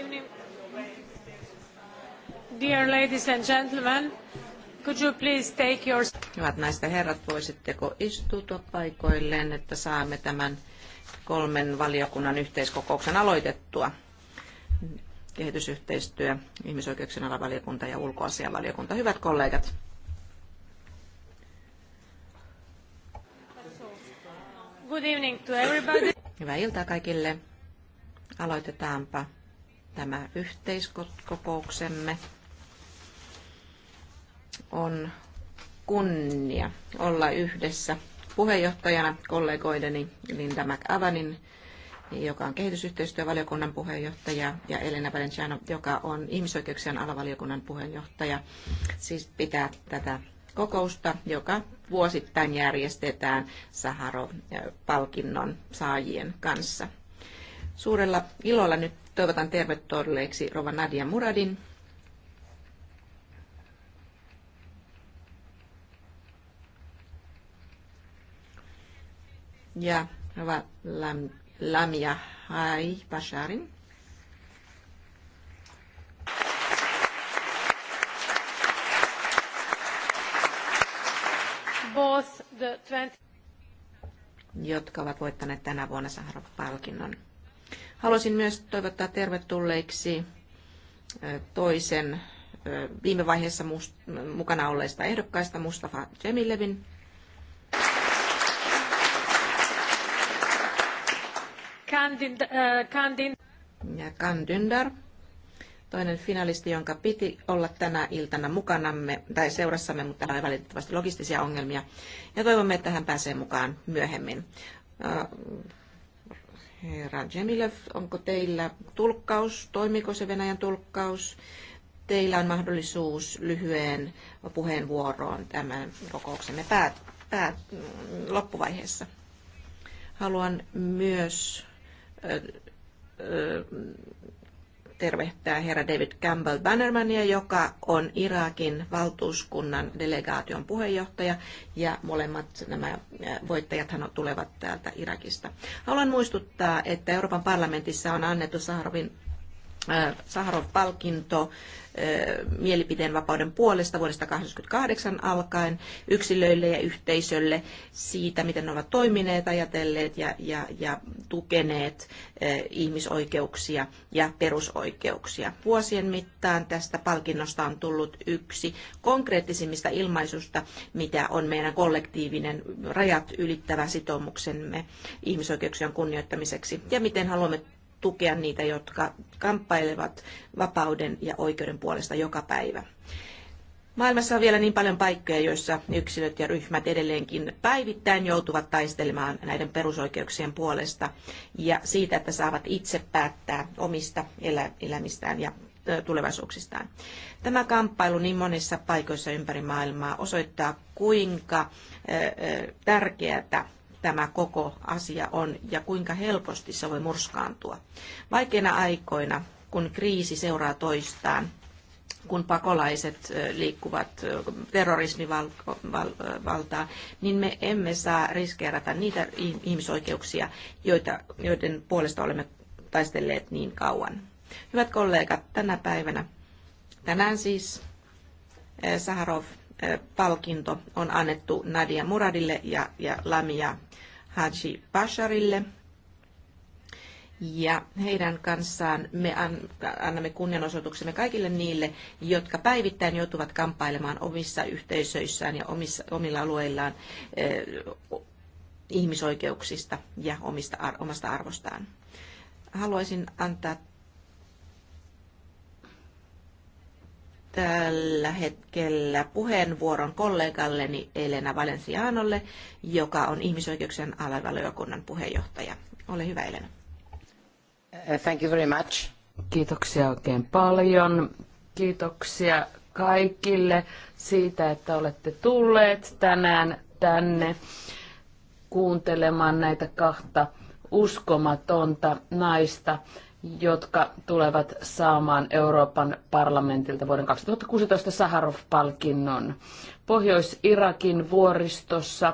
evening. Dear ladies and gentlemen, could you please take your... Hyvät naiset ja herrat, voisitteko istua paikoilleen, että saamme tämän kolmen valiokunnan yhteiskokouksen aloitettua? Kehitysyhteistyö, ihmisoikeuksien alavaliokunta ja ulkoasianvaliokunta. Hyvät kollegat, Good evening to everybody. Hyvää iltaa kaikille. Aloitetaanpa tämä yhteiskokouksemme on kunnia olla yhdessä puheenjohtajana kollegoideni Linda McAvanin, joka on kehitysyhteistyövaliokunnan puheenjohtaja, ja Elena Valenciano, joka on ihmisoikeuksien alavaliokunnan puheenjohtaja, siis pitää tätä kokousta, joka vuosittain järjestetään Saharov-palkinnon saajien kanssa. Suurella ilolla nyt toivotan tervetulleeksi Rova Nadia Muradin. Ja Rova Lam, Lamia Hai Basharin. Both the 20 jotka ovat voittaneet tänä vuonna Saharov-palkinnon. Haluaisin myös toivottaa tervetulleiksi toisen viime vaiheessa mukana olleista ehdokkaista Mustafa Cemilevin. Kandin, äh, Ja Kandyndar, toinen finalisti, jonka piti olla tänä iltana mukanamme tai seurassamme, mutta hän oli valitettavasti logistisia ongelmia. Ja toivomme, että hän pääsee mukaan myöhemmin. Äh, Herra Jemilev, onko teillä tulkkaus? Toimiko se Venäjän tulkkaus? Teillä on mahdollisuus lyhyen puheenvuoroon tämän kokouksemme päät, päät, loppuvaiheessa. Haluan myös tervehtää herra David Campbell Bannermania, joka on Irakin valtuuskunnan delegaation puheenjohtaja ja molemmat nämä voittajat tulevat täältä Irakista. Haluan muistuttaa, että Euroopan parlamentissa on annettu Saharovin Saharov-palkinto mielipiteenvapauden puolesta vuodesta 1988 alkaen yksilöille ja yhteisölle siitä, miten ne ovat toimineet, ajatelleet ja, ja, ja tukeneet ihmisoikeuksia ja perusoikeuksia. Vuosien mittaan tästä palkinnosta on tullut yksi konkreettisimmista ilmaisusta, mitä on meidän kollektiivinen rajat ylittävä sitoumuksemme ihmisoikeuksien kunnioittamiseksi ja miten haluamme tukea niitä, jotka kamppailevat vapauden ja oikeuden puolesta joka päivä. Maailmassa on vielä niin paljon paikkoja, joissa yksilöt ja ryhmät edelleenkin päivittäin joutuvat taistelemaan näiden perusoikeuksien puolesta ja siitä, että saavat itse päättää omista elämistään ja tulevaisuuksistaan. Tämä kamppailu niin monissa paikoissa ympäri maailmaa osoittaa, kuinka tärkeää tämä koko asia on ja kuinka helposti se voi murskaantua. Vaikeina aikoina, kun kriisi seuraa toistaan, kun pakolaiset liikkuvat terrorismivaltaa, niin me emme saa riskeerata niitä ihmisoikeuksia, joita, joiden puolesta olemme taistelleet niin kauan. Hyvät kollegat, tänä päivänä, tänään siis Saharov palkinto on annettu Nadia Muradille ja, ja Lamia Haji Basharille. Ja heidän kanssaan me annamme kunnianosoituksemme kaikille niille, jotka päivittäin joutuvat kamppailemaan omissa yhteisöissään ja omissa, omilla alueillaan eh, ihmisoikeuksista ja omista, omasta arvostaan. Haluaisin antaa tällä hetkellä puheenvuoron kollegalleni Elena Valencianolle, joka on ihmisoikeuksien alavaliokunnan puheenjohtaja. Ole hyvä, Elena. Uh, thank you very much. Kiitoksia oikein paljon. Kiitoksia kaikille siitä, että olette tulleet tänään tänne kuuntelemaan näitä kahta uskomatonta naista, jotka tulevat saamaan Euroopan parlamentilta vuoden 2016 Saharov-palkinnon. Pohjois-Irakin vuoristossa,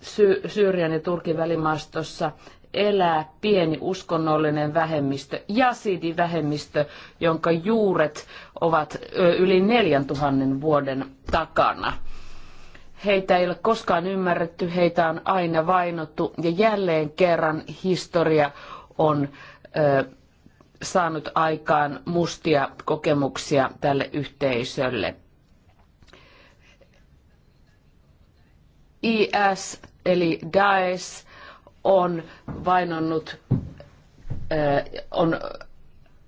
Sy- Syyrian ja Turkin välimaastossa elää pieni uskonnollinen vähemmistö, jasidivähemmistö, jonka juuret ovat yli 4000 vuoden takana. Heitä ei ole koskaan ymmärretty, heitä on aina vainottu ja jälleen kerran historia on ö, saanut aikaan mustia kokemuksia tälle yhteisölle. IS eli Daesh on vainonnut, äh, on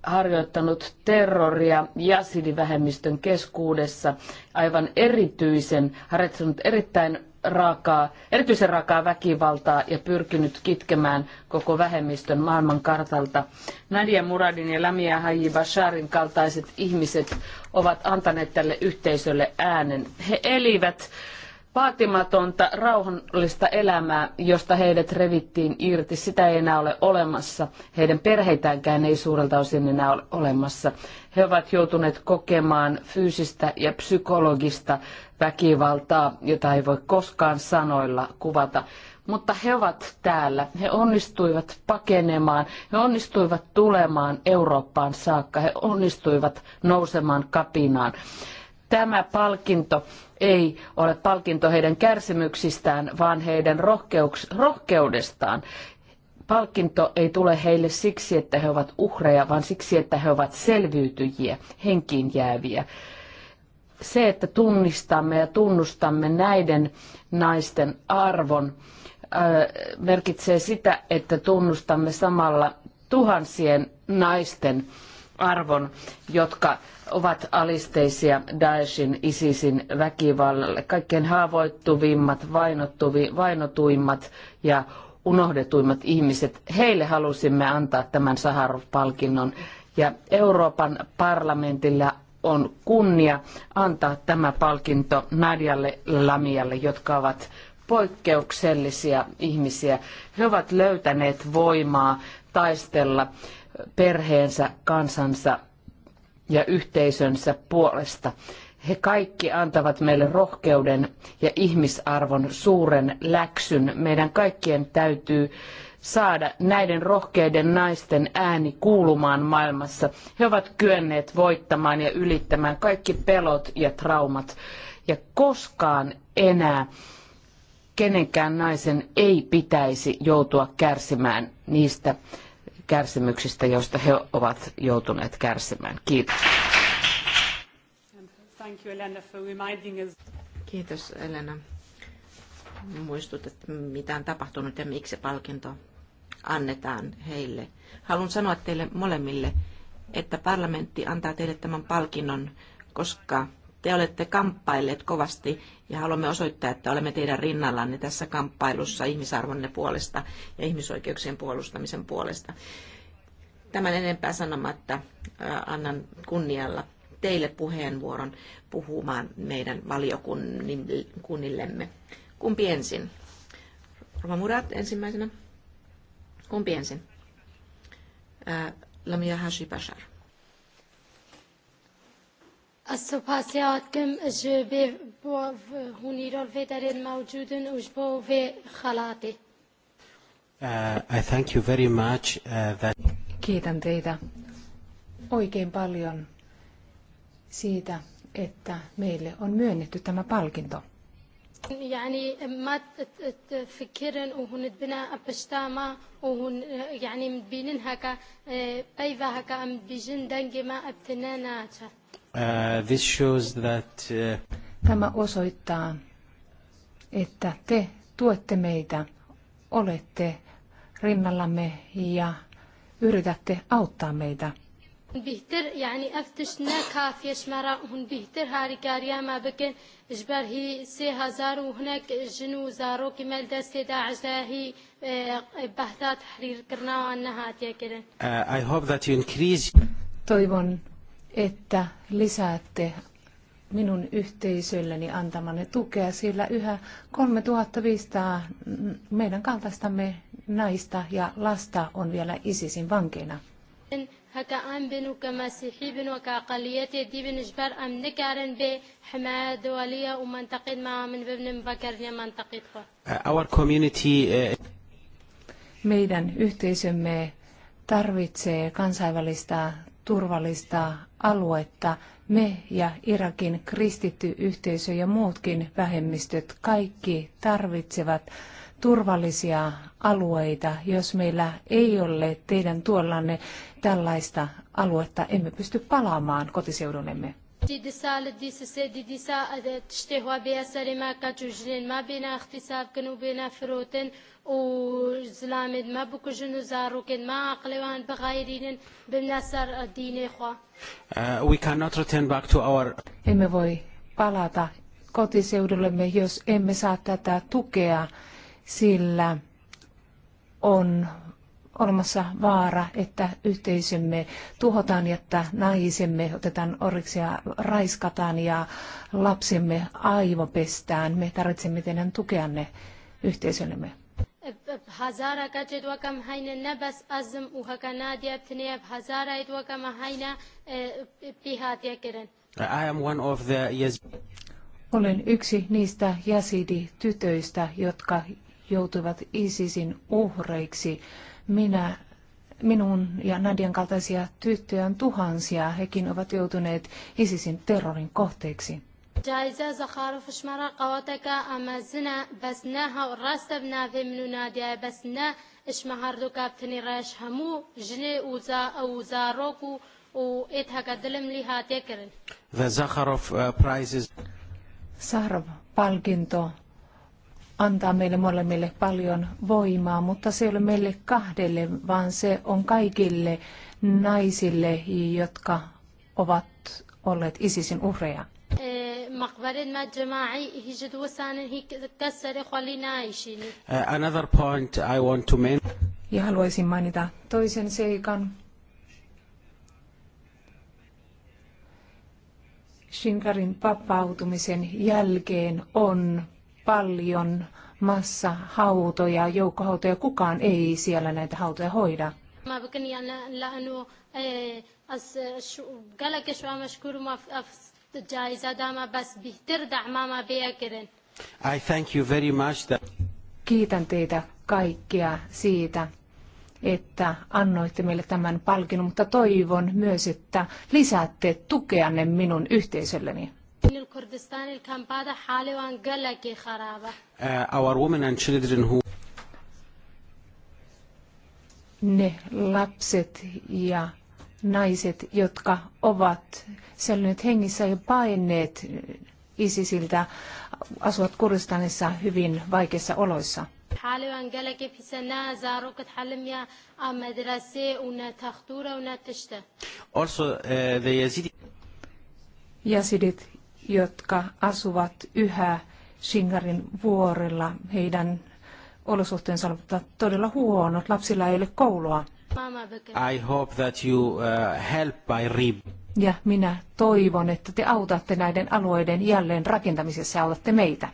harjoittanut terroria jasidivähemmistön keskuudessa aivan erityisen, harjoittanut erittäin raakaa, erityisen raakaa väkivaltaa ja pyrkinyt kitkemään koko vähemmistön maailmankartalta. Nadia Muradin ja Lamia Haji Basharin kaltaiset ihmiset ovat antaneet tälle yhteisölle äänen. He elivät vaatimatonta, rauhallista elämää, josta heidät revittiin irti. Sitä ei enää ole olemassa. Heidän perheitäänkään ei suurelta osin enää ole olemassa. He ovat joutuneet kokemaan fyysistä ja psykologista väkivaltaa, jota ei voi koskaan sanoilla kuvata. Mutta he ovat täällä. He onnistuivat pakenemaan, he onnistuivat tulemaan Eurooppaan saakka, he onnistuivat nousemaan kapinaan. Tämä palkinto ei ole palkinto heidän kärsimyksistään, vaan heidän rohkeudestaan palkinto ei tule heille siksi, että he ovat uhreja, vaan siksi, että he ovat selviytyjiä, henkiin jääviä. Se, että tunnistamme ja tunnustamme näiden naisten arvon, merkitsee sitä, että tunnustamme samalla tuhansien naisten arvon, jotka ovat alisteisia Daeshin, ISISin väkivallalle. Kaikkein haavoittuvimmat, vainottuvi, vainotuimmat ja unohdetuimmat ihmiset. Heille halusimme antaa tämän Saharov-palkinnon. Ja Euroopan parlamentilla on kunnia antaa tämä palkinto Nadialle Lamialle, jotka ovat poikkeuksellisia ihmisiä. He ovat löytäneet voimaa taistella perheensä, kansansa ja yhteisönsä puolesta. He kaikki antavat meille rohkeuden ja ihmisarvon suuren läksyn. Meidän kaikkien täytyy saada näiden rohkeiden naisten ääni kuulumaan maailmassa. He ovat kyenneet voittamaan ja ylittämään kaikki pelot ja traumat. Ja koskaan enää kenenkään naisen ei pitäisi joutua kärsimään niistä kärsimyksistä, joista he ovat joutuneet kärsimään. Kiitos. Kiitos Elena. Muistutat, mitä on tapahtunut ja miksi palkinto annetaan heille. Haluan sanoa teille molemmille, että parlamentti antaa teille tämän palkinnon, koska te olette kamppailleet kovasti ja haluamme osoittaa, että olemme teidän rinnallanne tässä kamppailussa ihmisarvonne puolesta ja ihmisoikeuksien puolustamisen puolesta. Tämän enempää sanomatta äh, annan kunnialla teille puheenvuoron puhumaan meidän valiokunnillemme. Kumpi ensin? Rova Murat ensimmäisenä. Kumpi ensin? Äh, Lamia Hashi Bashar. السباسياتكم جبي هونيرال في دارين موجودين وجبو في خلاطي. I thank you very much. Uh, that... Kiitän teitä oikein paljon siitä, että meille on myönnetty tämä palkinto. يعني ما تفكرن وهن بنا بشتاما وهن يعني مبينن هكا بيفا هكا بيجن دنجي ما ابتناناتا uh, this shows that, uh... Tämä osoittaa, että te tuette meitä, olette rinnallamme ja yritätte auttaa meitä. بهتر يعني افتش نا فيش مرا هن بهتر هاري كاريا ما بكن اجبر هي سي هزار وهناك جنو زارو كمال دستي داعش هي بهتا تحرير كرنا وانها تيكرن uh, I hope that you increase Toivon, että lisäätte minun yhteisölleni antamanne tukea, sillä yhä 3500 meidän kaltaistamme naista ja lasta on vielä ISISin vankeina. هەکە ئەم بن و کە مەسیحی بن و کاقلیەتی دیبن ژبەر ئەم نکارن بێ حمایەتوەلیە و منتەقید ما من ببنم بەکەرنیە منتەقید خۆ Our community uh, meidän yhteisömme tarvitsee kansainvälistä turvallista aluetta. Me ja Irakin kristitty yhteisö ja muutkin vähemmistöt kaikki tarvitsevat turvallisia alueita. Jos meillä ei ole teidän tuollanne tällaista aluetta, emme pysty palaamaan kotiseudunemme. Uh, we cannot return back to our emme voi palata kotiseudullemme, jos emme saa tätä tukea sillä on olemassa vaara, että yhteisömme tuhotaan, että naisemme otetaan oriksi ja raiskataan ja lapsemme aivopestään. Me tarvitsemme teidän tukeanne yhteisöllemme. هزارة كجد وكم هين نبس أزم وهكا نادية بتنية بهزارة وكم هين بيهات I am one of the yes. Olen yksi niistä jäsidi tytöistä jotka joutuivat ISISin uhreiksi. Minä, minun ja Nadian kaltaisia tyttöjä on tuhansia. Hekin ovat joutuneet ISISin terrorin kohteeksi. Zaharov-palkinto antaa meille molemmille paljon voimaa, mutta se ei ole meille kahdelle, vaan se on kaikille naisille, jotka ovat olleet ISISin uhreja. Eh, eh, another point I want to mention. Ja haluaisin mainita toisen seikan. Shinkarin vapautumisen jälkeen on paljon massahautoja, joukkohautoja. Kukaan ei siellä näitä hautoja hoida. I thank you very much that... Kiitän teitä kaikkia siitä, että annoitte meille tämän palkinnon, mutta toivon myös, että lisäätte tukeanne minun yhteisölleni. للكردستان الكامبادا حالة وانقلقي خرابة. Uh, our women and children who ne lapset ja naiset, jotka ovat selvinneet hengissä ja paineet ISISiltä, asuvat Kurdistanissa hyvin vaikeissa oloissa. Also, uh, the Yazidi... Jasidit jotka asuvat yhä Singarin vuorilla. Heidän olosuhteensa ovat todella huonot. Lapsilla ei ole koulua. I hope that you uh, help by rib. Ja minä toivon, että te autatte näiden alueiden jälleen rakentamisessa ja autatte meitä.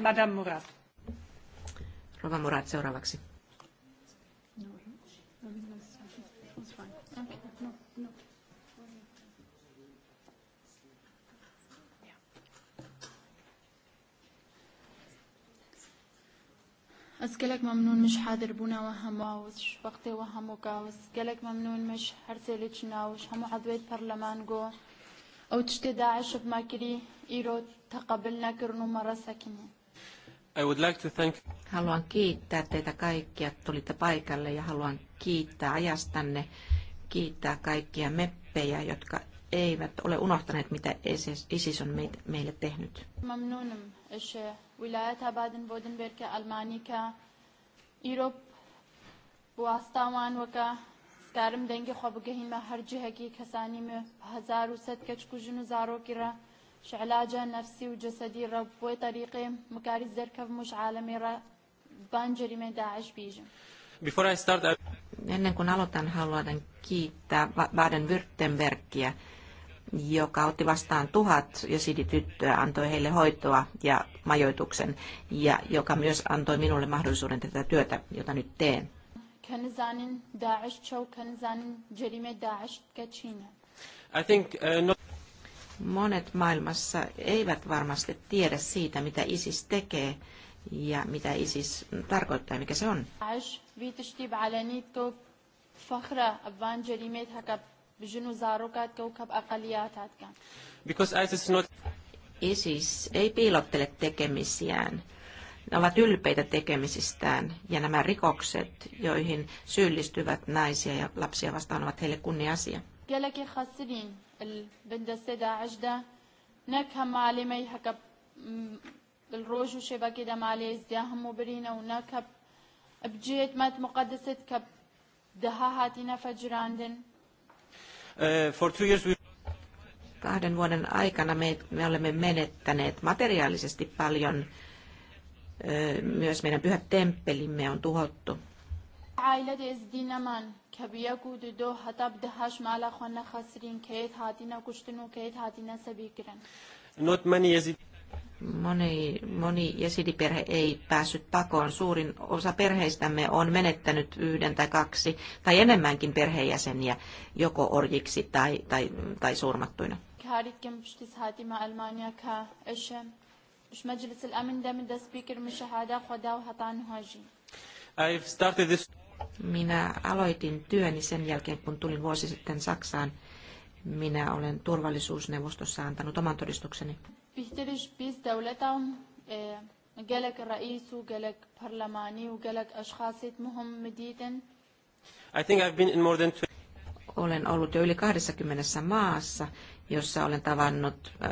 Madame Murat. Rova Murat seuraavaksi. أسكلك ممنون مش حاضر بونا وهم وش وقتي وهم وكاوس أسكلك ممنون مش هرسلتش ناوش همو عضويت برلمان جو أو تشتي داعش بماكري إيرو تقبلنا كرنو مرة ساكنين I would like to thank... Haluan kiittää teitä kaikkia, tulitte paikalle ja haluan kiittää ajastanne, kiittää kaikkia meppejä, jotka eivät ole unohtaneet, mitä ISIS on meille tehnyt. شعلاجة نفسي وجسدي رب وطريقي مكاري زركب مش عالمي را بانجري من داعش بيجم Before I start, I... Ennen kuin aloitan, haluan kiittää Baden-Württembergia, joka otti vastaan tuhat jesidityttöä, antoi heille hoitoa ja majoituksen, ja joka myös antoi minulle mahdollisuuden tätä työtä, jota nyt teen. I think, uh, not... Monet maailmassa eivät varmasti tiedä siitä, mitä ISIS tekee ja mitä ISIS tarkoittaa ja mikä se on. ISIS ei piilottele tekemisiään. Ne ovat ylpeitä tekemisistään ja nämä rikokset, joihin syyllistyvät naisia ja lapsia vastaan, ovat heille kunnia-asia. البند السدا عجدة نكها مالي ما يحكى بالروج وشبا كده مالي ازياهم مبرينة ونكها بجيت مات مقدسة كب دها هاتي نفجر عندن uh, Kahden vuoden aikana me, me olemme menettäneet materiaalisesti paljon. Myös meidän pyhä temppelimme on tuhottu. عائله دز دینمان کبیه کو د دو حتی د هش مالا خو نه خسرین کیت هاتینا کشتنو کیت haatina sabikiren. Not many Yazid. Moni, moni jesidiperhe ei päässyt pakoon. Suurin osa perheistämme on menettänyt yhden tai kaksi tai enemmänkin perheenjäseniä joko orjiksi tai, tai, tai surmattuina. I've started this minä aloitin työni sen jälkeen, kun tulin vuosi sitten Saksaan. Minä olen turvallisuusneuvostossa antanut oman todistukseni. E, I think I've been in more than olen ollut jo yli 20 maassa, jossa olen tavannut äh,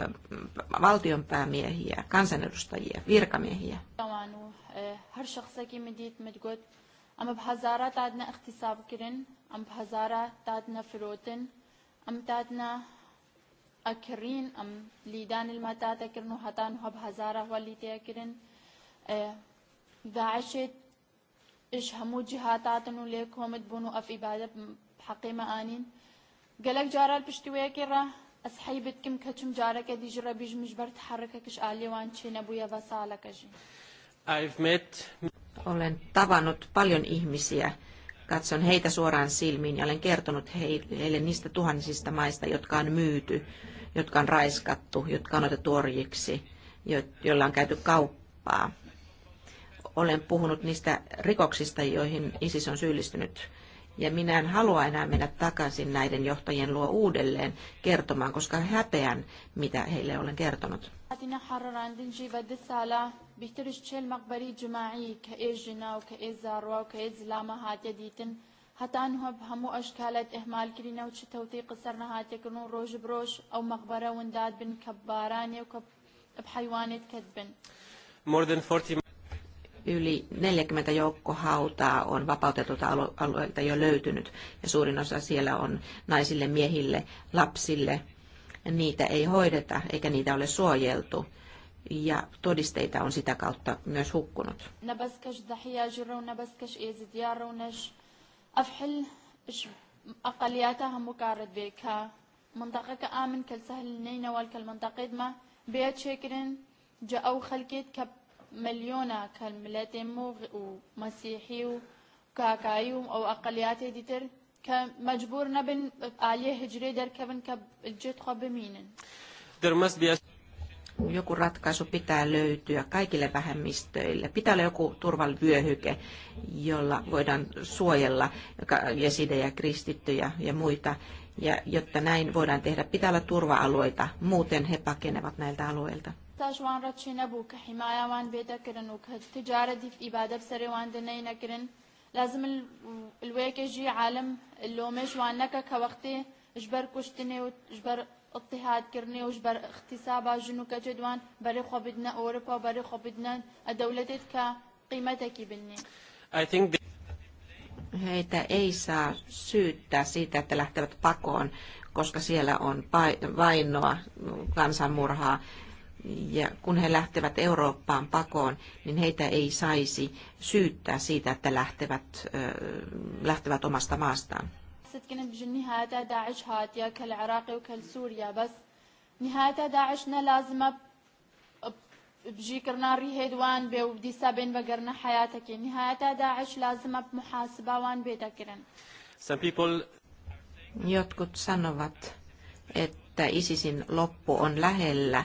valtionpäämiehiä, kansanedustajia, virkamiehiä. E, ئەمە بە هەزارە دادنە اقتصابکردن ئەم بە هەزارە دادنە فرۆتن ئەم دادنە ئەکرین ئەم لیدان المەتاتەکردن و هەتان هە بە هەزارە هەلی تێکردن داعشێت ئش هەموو جهاتاتن و لێ کۆمت بوون و ئەف ئیبادە حەقیمە ئانین گەلەک جارال پشتیوەیەکی ڕە ئەسحەی بتکم کەچم جارەکە دیژڕە بیژمش بەر تحرەکەکش ئالێوان چێنە بووە بە ساڵەکەژی. I've met olen tavannut paljon ihmisiä, katson heitä suoraan silmiin ja olen kertonut heille niistä tuhansista maista, jotka on myyty, jotka on raiskattu, jotka on otettu orjiksi, joilla on käyty kauppaa. Olen puhunut niistä rikoksista, joihin ISIS on syyllistynyt ja minä en halua enää mennä takaisin näiden johtajien luo uudelleen kertomaan, koska häpeän, mitä heille olen kertonut. حتى بهمو اشكالات اهمال كرينا وتش توثيق روج بروش او مقبره ونداد بن كباراني وكب بحيوانات كذبن More than 40 Yli 40 joukkohautaa on vapautetulta alueelta jo löytynyt ja suurin osa siellä on naisille, miehille, lapsille. Niitä ei hoideta eikä niitä ole suojeltu ja todisteita on sitä kautta myös hukkunut. أقلياتها ما بيت شكرن جاءوا خلقيت كب مليونة كالملاتيمو ومسيحي وكاكايو أو أقليات ديتر كمجبور نبن عليه هجري در كبن كالجيت خب There must be a joku ratkaisu pitää löytyä kaikille vähemmistöille. Pitää olla joku turvalvyöhyke, jolla voidaan suojella jesidejä, kristittyjä ja muita. Ja jotta näin voidaan tehdä, pitää olla turva-alueita, muuten he pakenevat näiltä alueilta. تاشوان نبو که حمایه وان حیمایاوان کرن و که تجاره دیف ایباده بسره وان دنه نکرن لازم جی عالم وان نکا که وقتی جبر کشتنه و جبر اضطهاد کرنه و ژبەر اختصابا ژن و کەچێ دوان بەرێ خۆ و بری بەرێ خۆ بدنەن ئەدەولەتێت کە قیمەتێکی بنێ Heitä ei saa syyttää siitä, että lähtevät pakoon, koska siellä on vainoa, kansanmurhaa ja kun he lähtevät Eurooppaan pakoon, niin heitä ei saisi syyttää siitä, että lähtevät, lähtevät omasta maastaan. Some people... Jotkut sanovat, että ISISin loppu on lähellä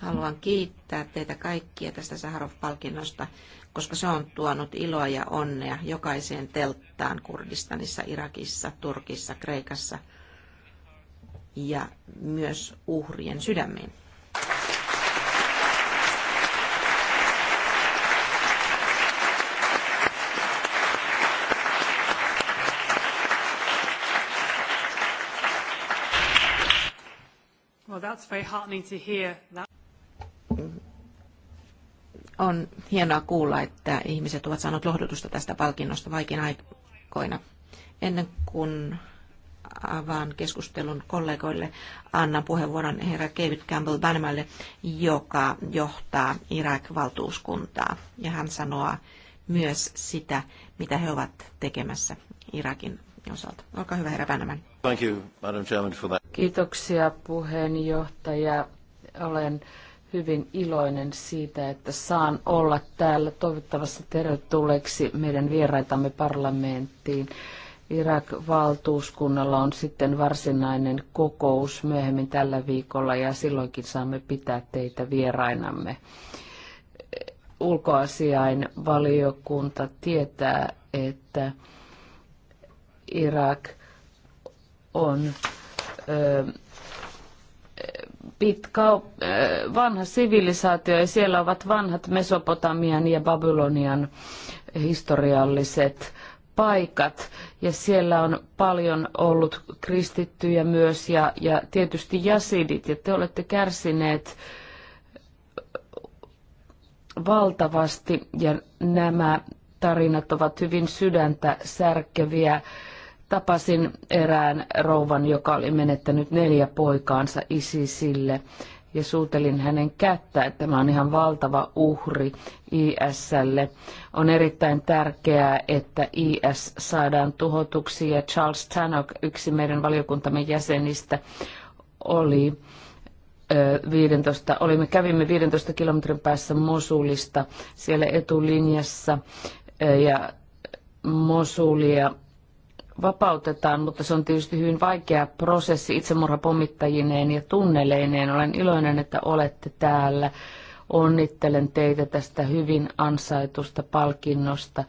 Haluan kiittää teitä kaikkia tästä Saharov-palkinnosta, koska se on tuonut iloa ja onnea jokaiseen telttaan Kurdistanissa, Irakissa, Turkissa, Kreikassa ja myös uhrien sydämiin. Well, that's very heartening to hear that. On hienoa kuulla, että ihmiset ovat saaneet lohdutusta tästä palkinnosta vaikeina aikoina. Ennen kuin avaan keskustelun kollegoille, annan puheenvuoron herra David Campbell Banemalle, joka johtaa Irak-valtuuskuntaa. Ja hän sanoo myös sitä, mitä he ovat tekemässä Irakin osalta. Olkaa hyvä, herra Banneman. Thank you, Madam Chairman, for that. Kiitoksia puheenjohtaja. Olen hyvin iloinen siitä, että saan olla täällä toivottavasti tervetulleeksi meidän vieraitamme parlamenttiin. Irak-valtuuskunnalla on sitten varsinainen kokous myöhemmin tällä viikolla ja silloinkin saamme pitää teitä vierainamme. Ulkoasiain valiokunta tietää, että Irak on pitkä, vanha sivilisaatio ja siellä ovat vanhat Mesopotamian ja Babylonian historialliset paikat ja siellä on paljon ollut kristittyjä myös ja, ja tietysti jasidit ja te olette kärsineet valtavasti ja nämä tarinat ovat hyvin sydäntä särkeviä Tapasin erään rouvan, joka oli menettänyt neljä poikaansa ISISille ja suutelin hänen kättä, että tämä on ihan valtava uhri ISlle. On erittäin tärkeää, että IS saadaan tuhotuksi ja Charles Tannock, yksi meidän valiokuntamme jäsenistä, oli 15, olimme, kävimme 15 kilometrin päässä Mosulista siellä etulinjassa ja Mosulia vapautetaan, mutta se on tietysti hyvin vaikea prosessi itsemurhapommittajineen ja tunneleineen. Olen iloinen, että olette täällä. Onnittelen teitä tästä hyvin ansaitusta palkinnosta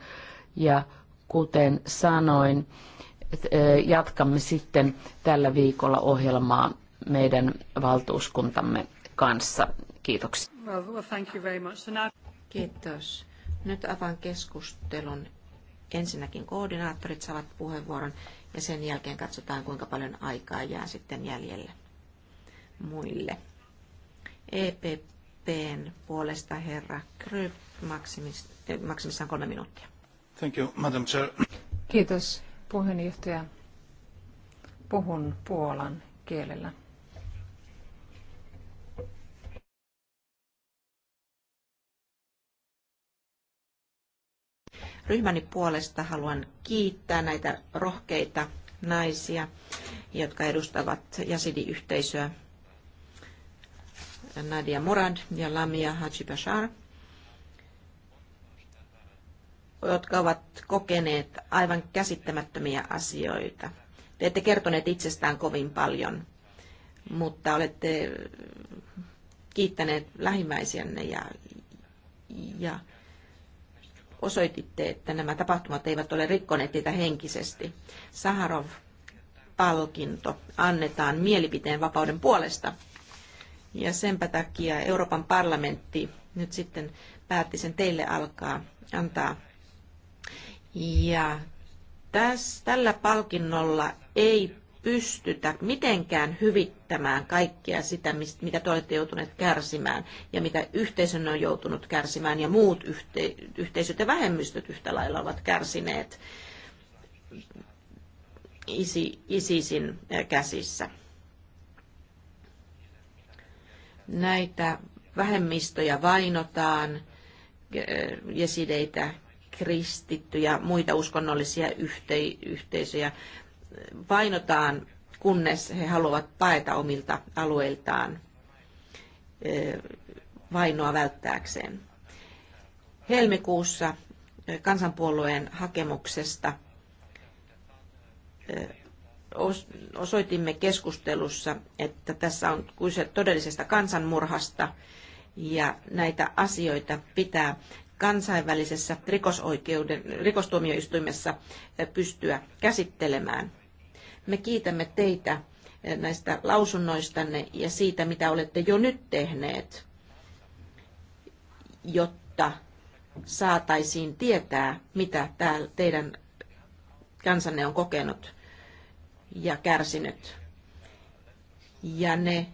ja kuten sanoin, e, jatkamme sitten tällä viikolla ohjelmaa meidän valtuuskuntamme kanssa. Kiitoksia. Kiitos. Nyt avaan keskustelun Ensinnäkin koordinaattorit saavat puheenvuoron ja sen jälkeen katsotaan, kuinka paljon aikaa jää sitten jäljelle muille. EPPn puolesta herra Kryp, maksimis, eh, maksimissaan kolme minuuttia. Thank you, Madam Chair. Kiitos puheenjohtaja. Puhun puolan kielellä. Ryhmäni puolesta haluan kiittää näitä rohkeita naisia, jotka edustavat Jasidi-yhteisöä. Nadia Murad ja Lamia Hajibashar, jotka ovat kokeneet aivan käsittämättömiä asioita. Te ette kertoneet itsestään kovin paljon, mutta olette kiittäneet lähimmäisiänne ja, ja osoititte, että nämä tapahtumat eivät ole rikkoneet teitä henkisesti. Saharov-palkinto annetaan mielipiteen vapauden puolesta. Ja senpä takia Euroopan parlamentti nyt sitten päätti sen teille alkaa antaa. Ja täs, tällä palkinnolla ei pystytä mitenkään hyvittämään kaikkea sitä, mitä te olette joutuneet kärsimään ja mitä yhteisön on joutunut kärsimään ja muut yhte, yhteisöt ja vähemmistöt yhtä lailla ovat kärsineet isi, ISISin käsissä. Näitä vähemmistöjä vainotaan, jesideitä, kristittyjä, muita uskonnollisia yhteisöjä vainotaan, kunnes he haluavat paeta omilta alueiltaan vainoa välttääkseen. Helmikuussa kansanpuolueen hakemuksesta osoitimme keskustelussa, että tässä on kyse todellisesta kansanmurhasta ja näitä asioita pitää kansainvälisessä rikosoikeuden, rikostuomioistuimessa eh, pystyä käsittelemään. Me kiitämme teitä eh, näistä lausunnoistanne ja siitä, mitä olette jo nyt tehneet, jotta saataisiin tietää, mitä täällä teidän kansanne on kokenut ja kärsinyt. Ja ne,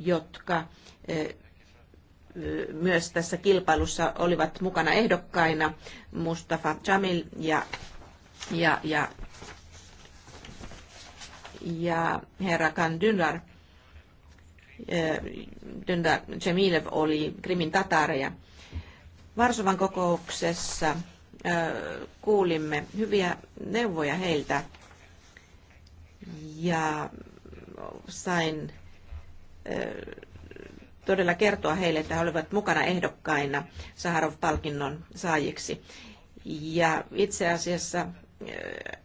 jotka eh, myös tässä kilpailussa olivat mukana ehdokkaina Mustafa Jamil ja, ja, ja, ja herra Kan Dündar. Eh, Dündar Jamilev oli Krimin tatareja. Varsovan kokouksessa eh, kuulimme hyviä neuvoja heiltä ja sain eh, todella kertoa heille, että he olivat mukana ehdokkaina Saharov-palkinnon saajiksi. Ja itse asiassa eh,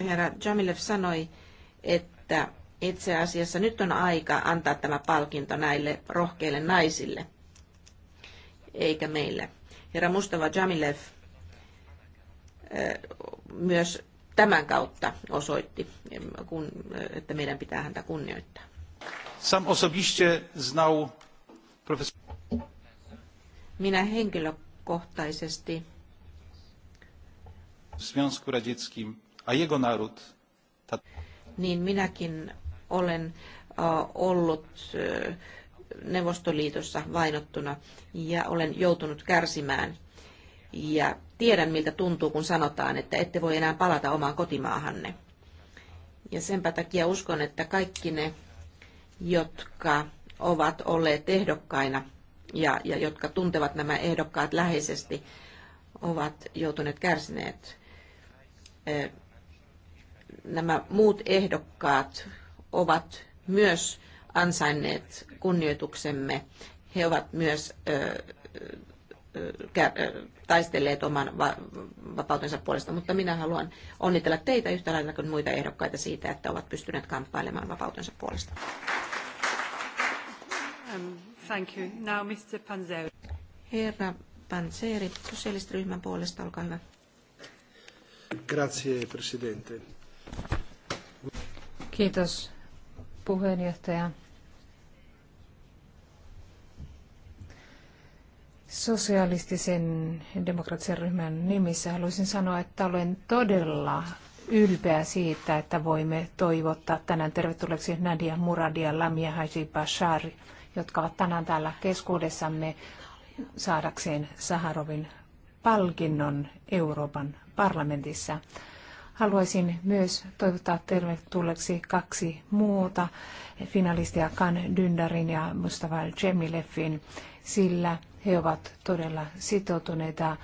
herra Jamilev sanoi, että itse asiassa nyt on aika antaa tämä palkinto näille rohkeille naisille, eikä meille. Herra Mustava Jamilev eh, myös tämän kautta osoitti, eh, että meidän pitää häntä kunnioittaa. Sam osobiście znał professor... Minä henkilökohtaisesti w Związku Radzieckim, a jego naród... Ta... Niin minäkin olen uh, ollut uh, Neuvostoliitossa vainottuna ja olen joutunut kärsimään. Ja tiedän, miltä tuntuu, kun sanotaan, että ette voi enää palata omaan kotimaahanne. Ja senpä takia uskon, että kaikki ne jotka ovat olleet ehdokkaina ja, ja jotka tuntevat nämä ehdokkaat läheisesti, ovat joutuneet kärsineet. Nämä muut ehdokkaat ovat myös ansainneet kunnioituksemme. He ovat myös taistelleet oman vapautensa puolesta, mutta minä haluan onnitella teitä yhtä lailla kuin muita ehdokkaita siitä, että ovat pystyneet kamppailemaan vapautensa puolesta. Um, thank you. Now Mr. Panzeri. Herra Panzeri, sosialistiryhmän puolesta, olkaa hyvä. Grazie, Presidente. Kiitos, puheenjohtaja. sosialistisen demokratian ryhmän nimissä haluaisin sanoa, että olen todella ylpeä siitä, että voimme toivottaa tänään tervetulleeksi Nadia Muradia, Lamia Haji Bashar, jotka ovat tänään täällä keskuudessamme saadakseen Saharovin palkinnon Euroopan parlamentissa. Haluaisin myös toivottaa tervetulleeksi kaksi muuta finalistia Kan Dündarin ja Mustafa Cemileffin, sillä he ovat todella sitoutuneita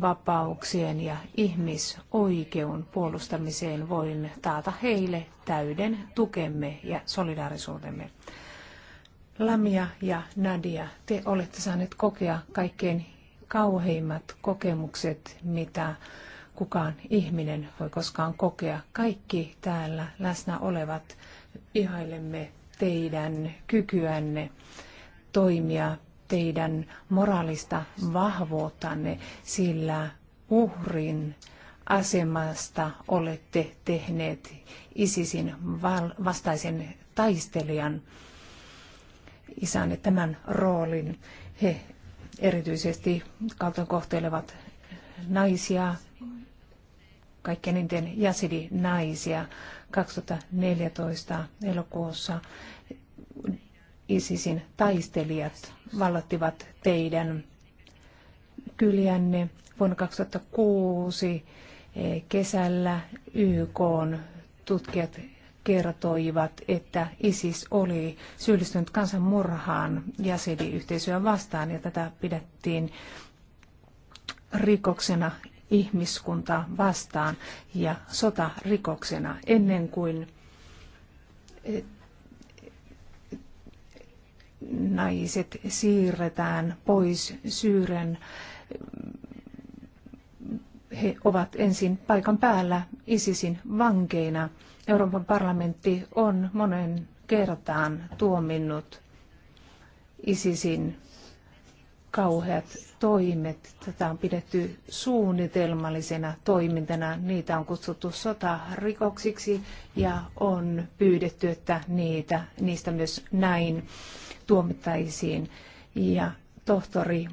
vapauksien ja ihmisoikeun puolustamiseen. Voin taata heille täyden tukemme ja solidaarisuutemme. Lamia ja Nadia, te olette saaneet kokea kaikkein kauheimmat kokemukset, mitä kukaan ihminen voi koskaan kokea. Kaikki täällä läsnä olevat ihailemme teidän kykyänne toimia teidän moraalista vahvuuttanne, sillä uhrin asemasta olette tehneet ISISin vastaisen taistelijan isänne tämän roolin. He erityisesti kaltoinkohtelevat naisia, kaikkein eniten jasidi-naisia. 2014 elokuussa ISISin taistelijat vallattivat teidän kyljänne vuonna 2006 eh, kesällä YK tutkijat kertoivat, että ISIS oli syyllistynyt kansanmurhaan jäsidiyhteisöä vastaan ja tätä pidettiin rikoksena ihmiskunta vastaan ja sotarikoksena ennen kuin eh, naiset siirretään pois Syyrian. He ovat ensin paikan päällä ISISin vankeina. Euroopan parlamentti on monen kertaan tuominnut ISISin kauheat toimet. Tätä on pidetty suunnitelmallisena toimintana. Niitä on kutsuttu sotarikoksiksi ja on pyydetty, että niitä, niistä myös näin tuomittaisiin. Ja tohtori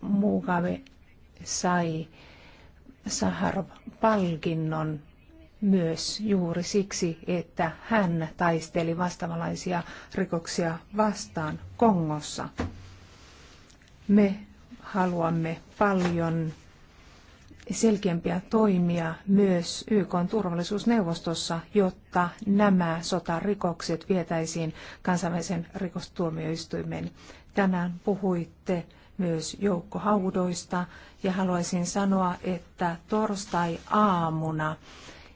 Mugabe sai Saharov-palkinnon myös juuri siksi, että hän taisteli vastaavanlaisia rikoksia vastaan Kongossa. Me haluamme paljon selkeämpiä toimia myös YK turvallisuusneuvostossa, jotta nämä sotarikokset vietäisiin kansainvälisen rikostuomioistuimen. Tänään puhuitte myös joukkohaudoista ja haluaisin sanoa, että torstai-aamuna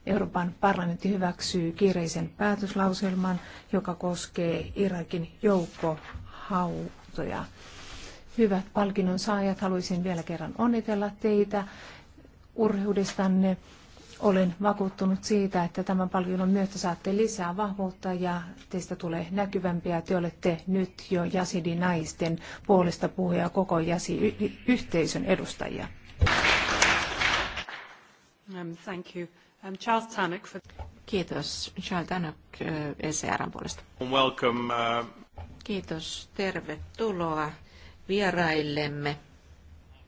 Euroopan parlamentti hyväksyy kiireisen päätöslauselman, joka koskee Irakin joukkohautoja. Hyvät palkinnon saajat, haluaisin vielä kerran onnitella teitä urheudestanne. Olen vakuuttunut siitä, että tämän palkinnon myötä saatte lisää vahvuutta ja teistä tulee näkyvämpiä. Te olette nyt jo Jasidi-naisten puolesta puhuja koko Jasi-yhteisön edustajia. Um, thank you. Um, Charles Tannock for... Kiitos Charles Tannock uh, ECRn puolesta. Welcome, uh... Kiitos, tervetuloa vieraillemme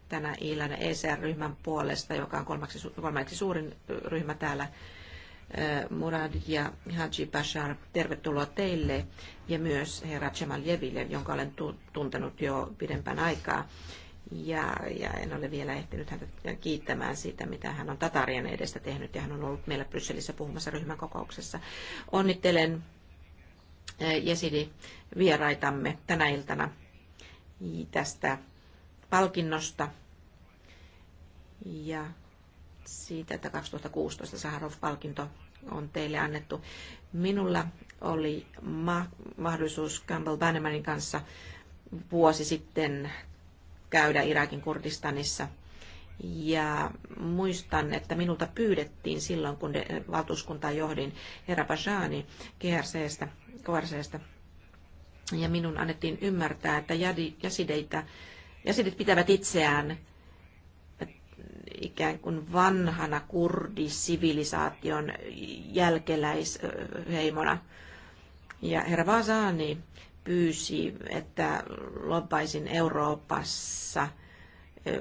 tänä iltana ECR-ryhmän puolesta, joka on kolmaksi, kolmanneksi suurin ryhmä täällä. Murad ja Haji Bashar, tervetuloa teille ja myös herra Jeville, jonka olen tuntenut jo pidempään aikaa. Ja, ja en ole vielä ehtinyt häntä kiittämään siitä, mitä hän on Tatarien edestä tehnyt, ja hän on ollut meillä Brysselissä puhumassa ryhmän kokouksessa. Onnittelen Jesidi vieraitamme tänä iltana tästä palkinnosta ja siitä, että 2016 Saharov-palkinto on teille annettu. Minulla oli ma- mahdollisuus Campbell Bannermanin kanssa vuosi sitten käydä Irakin Kurdistanissa. Ja muistan, että minulta pyydettiin silloin, kun valtuuskuntaa johdin Herra Bajani GRCstä, KRCstä, ja minun annettiin ymmärtää, että jäsideitä, jäsidet pitävät itseään ikään kuin vanhana kurdisivilisaation jälkeläisheimona. Ja herra Vasani pyysi, että lobbaisin Euroopassa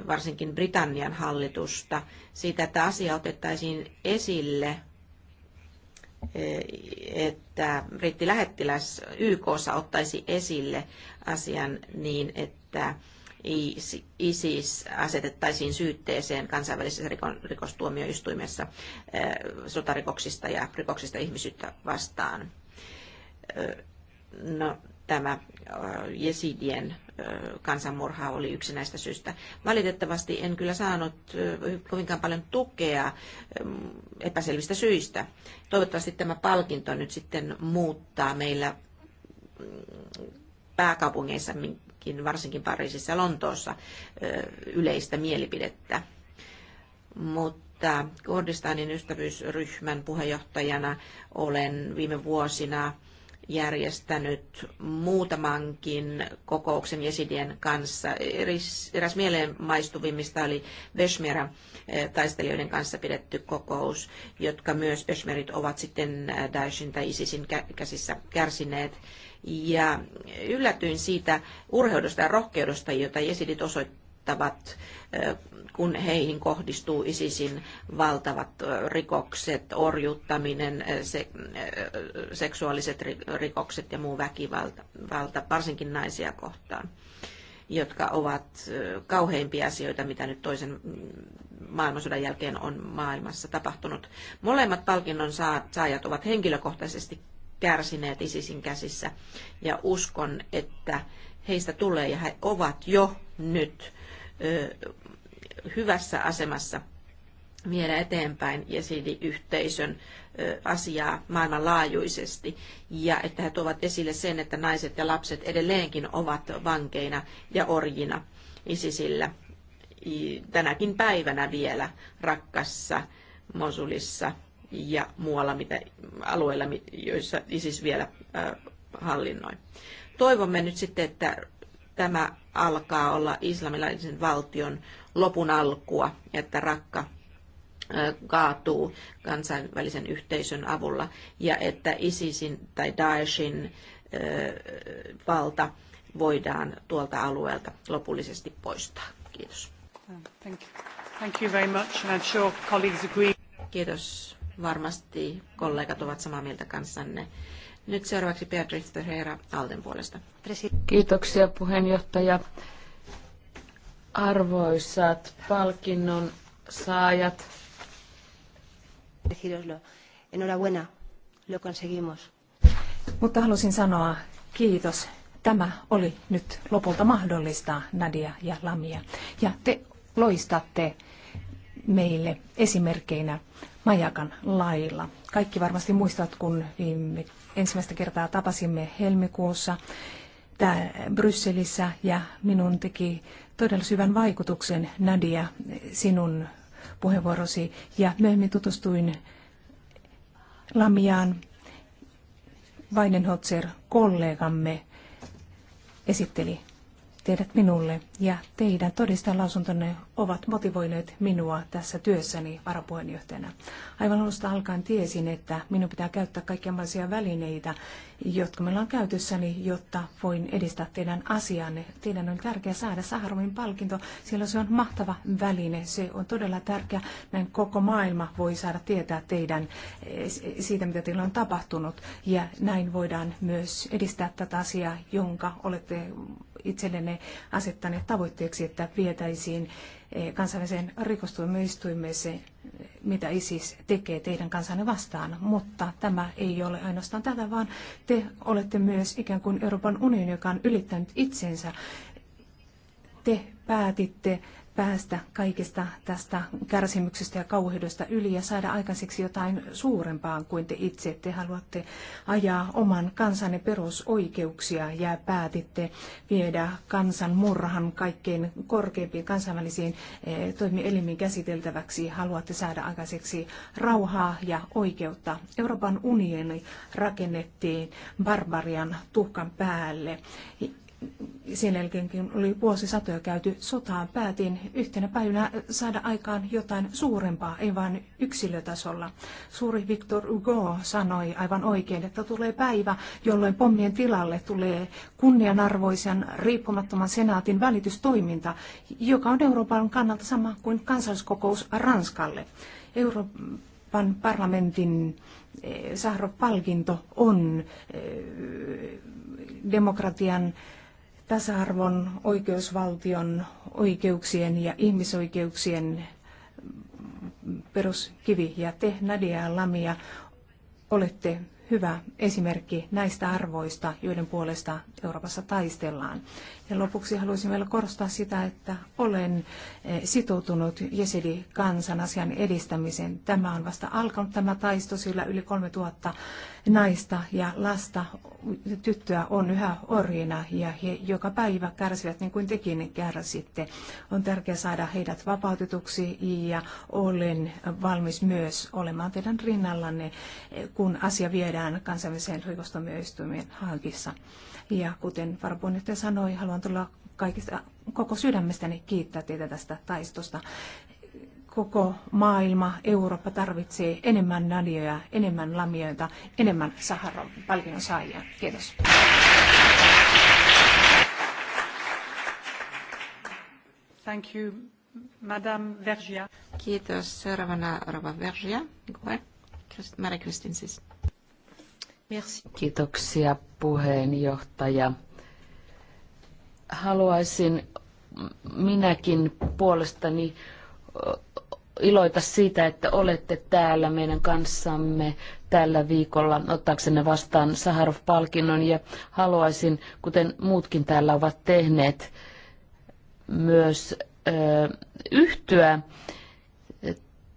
varsinkin Britannian hallitusta siitä, että asia otettaisiin esille Eh, että brittilähettiläs YKssa ottaisi esille asian niin, että ISIS asetettaisiin syytteeseen kansainvälisessä rikostuomioistuimessa eh, sotarikoksista ja rikoksista ihmisyyttä vastaan. Eh, no, tämä jesidien kansanmurhaa oli yksi näistä syistä. Valitettavasti en kyllä saanut kovinkaan paljon tukea epäselvistä syistä. Toivottavasti tämä palkinto nyt sitten muuttaa meillä mm, pääkaupungeissa, varsinkin Pariisissa ja Lontoossa, yleistä mielipidettä. Mutta Kurdistanin ystävyysryhmän puheenjohtajana olen viime vuosina järjestänyt muutamankin kokouksen jesidien kanssa. Eräs mieleen maistuvimmista oli Beshmera eh, taistelijoiden kanssa pidetty kokous, jotka myös Beshmerit ovat sitten eh, Daeshin tai ISISin käsissä kärsineet. Ja eh, yllätyin siitä urheudusta ja rohkeudesta, jota jesidit osoittivat kohtaavat, kun heihin kohdistuu ISISin valtavat rikokset, orjuttaminen, se, seksuaaliset rikokset ja muu väkivalta, valta, varsinkin naisia kohtaan jotka ovat kauheimpia asioita, mitä nyt toisen mm, maailmansodan jälkeen on maailmassa tapahtunut. Molemmat palkinnon saajat ovat henkilökohtaisesti kärsineet ISISin käsissä ja uskon, että heistä tulee ja he ovat jo nyt hyvässä asemassa viedä eteenpäin jesidiyhteisön asiaa maailmanlaajuisesti ja että he tuovat esille sen, että naiset ja lapset edelleenkin ovat vankeina ja orjina isisillä tänäkin päivänä vielä rakkassa Mosulissa ja muualla mitä, alueilla, joissa ISIS vielä hallinnoi. Toivomme nyt sitten, että tämä alkaa olla islamilaisen valtion lopun alkua, että rakka kaatuu kansainvälisen yhteisön avulla ja että ISISin tai Daeshin valta voidaan tuolta alueelta lopullisesti poistaa. Kiitos. Thank you. Thank you very much, and I'm sure colleagues agree. Kiitos. Varmasti kollegat ovat samaa mieltä kanssanne nyt seuraavaksi Beatrice Ferreira Alden puolesta. Kiitoksia puheenjohtaja. Arvoisat palkinnon saajat. Enhorabuena, lo conseguimos. Mutta halusin sanoa kiitos. Tämä oli nyt lopulta mahdollista, Nadia ja Lamia. Ja te loistatte meille esimerkkeinä majakan lailla. Kaikki varmasti muistavat, kun viime ensimmäistä kertaa tapasimme helmikuussa Brysselissä ja minun teki todella syvän vaikutuksen Nadia sinun puheenvuorosi ja myöhemmin tutustuin Lamiaan Weidenhotzer kollegamme esitteli teidät minulle ja teidän todistajalausuntonne ovat motivoineet minua tässä työssäni varapuheenjohtajana. Aivan alusta alkaen tiesin, että minun pitää käyttää kaikenlaisia välineitä, jotka meillä on käytössäni, jotta voin edistää teidän asianne. Teidän on tärkeää saada Saharomin palkinto, sillä se on mahtava väline. Se on todella tärkeä. Näin koko maailma voi saada tietää teidän siitä, mitä teillä on tapahtunut. Ja näin voidaan myös edistää tätä asiaa, jonka olette itsellenne asettaneet tavoitteeksi, että vietäisiin eh, kansainväliseen rikostuomioistuimeen eh, mitä ISIS tekee teidän kansanne vastaan. Mutta tämä ei ole ainoastaan tätä, vaan te olette myös ikään kuin Euroopan unioni, joka on ylittänyt itsensä. Te päätitte päästä kaikesta tästä kärsimyksestä ja kauheudesta yli ja saada aikaiseksi jotain suurempaa kuin te itse. Te haluatte ajaa oman kansanne perusoikeuksia ja päätitte viedä kansan murhan kaikkein korkeimpiin kansainvälisiin eh, toimielimiin käsiteltäväksi. Haluatte saada aikaiseksi rauhaa ja oikeutta. Euroopan unioni rakennettiin barbarian tuhkan päälle sen jälkeenkin oli vuosisatoja käyty sotaan, päätin yhtenä päivänä saada aikaan jotain suurempaa, ei vain yksilötasolla. Suuri Victor Hugo sanoi aivan oikein, että tulee päivä, jolloin pommien tilalle tulee kunnianarvoisen riippumattoman senaatin välitystoiminta, joka on Euroopan kannalta sama kuin kansalliskokous Ranskalle. Euroopan parlamentin eh, Sahrov-palkinto on eh, demokratian tasa-arvon, oikeusvaltion, oikeuksien ja ihmisoikeuksien peruskivi. Ja te, Nadia Lamia, olette hyvä esimerkki näistä arvoista, joiden puolesta Euroopassa taistellaan. Ja lopuksi haluaisin vielä korostaa sitä, että olen eh, sitoutunut Jesidi kansan asian edistämiseen. Tämä on vasta alkanut tämä taisto, sillä yli 3000 naista ja lasta, tyttöä on yhä orjina ja he joka päivä kärsivät niin kuin tekin kärsitte. On tärkeää saada heidät vapautetuksi ja olen valmis myös olemaan teidän rinnallanne, kun asia viedään kansainväliseen rikostomioistuimien Haagissa. Ja kuten varapuheenjohtaja sanoi, haluan tulla kaikista koko sydämestäni kiittää teitä tästä taistosta koko maailma, Eurooppa tarvitsee enemmän Nadioja, enemmän Lamioita, enemmän Saharon palkinnon saajia. Kiitos. Thank you, Madame Vergia. Kiitos. Seuraavana Rova Vergia. Marie Kristin siis. Merci. Kiitoksia puheenjohtaja. Haluaisin minäkin puolestani iloita siitä, että olette täällä meidän kanssamme tällä viikolla ottaaksenne vastaan Saharov-palkinnon ja haluaisin, kuten muutkin täällä ovat tehneet, myös ö, yhtyä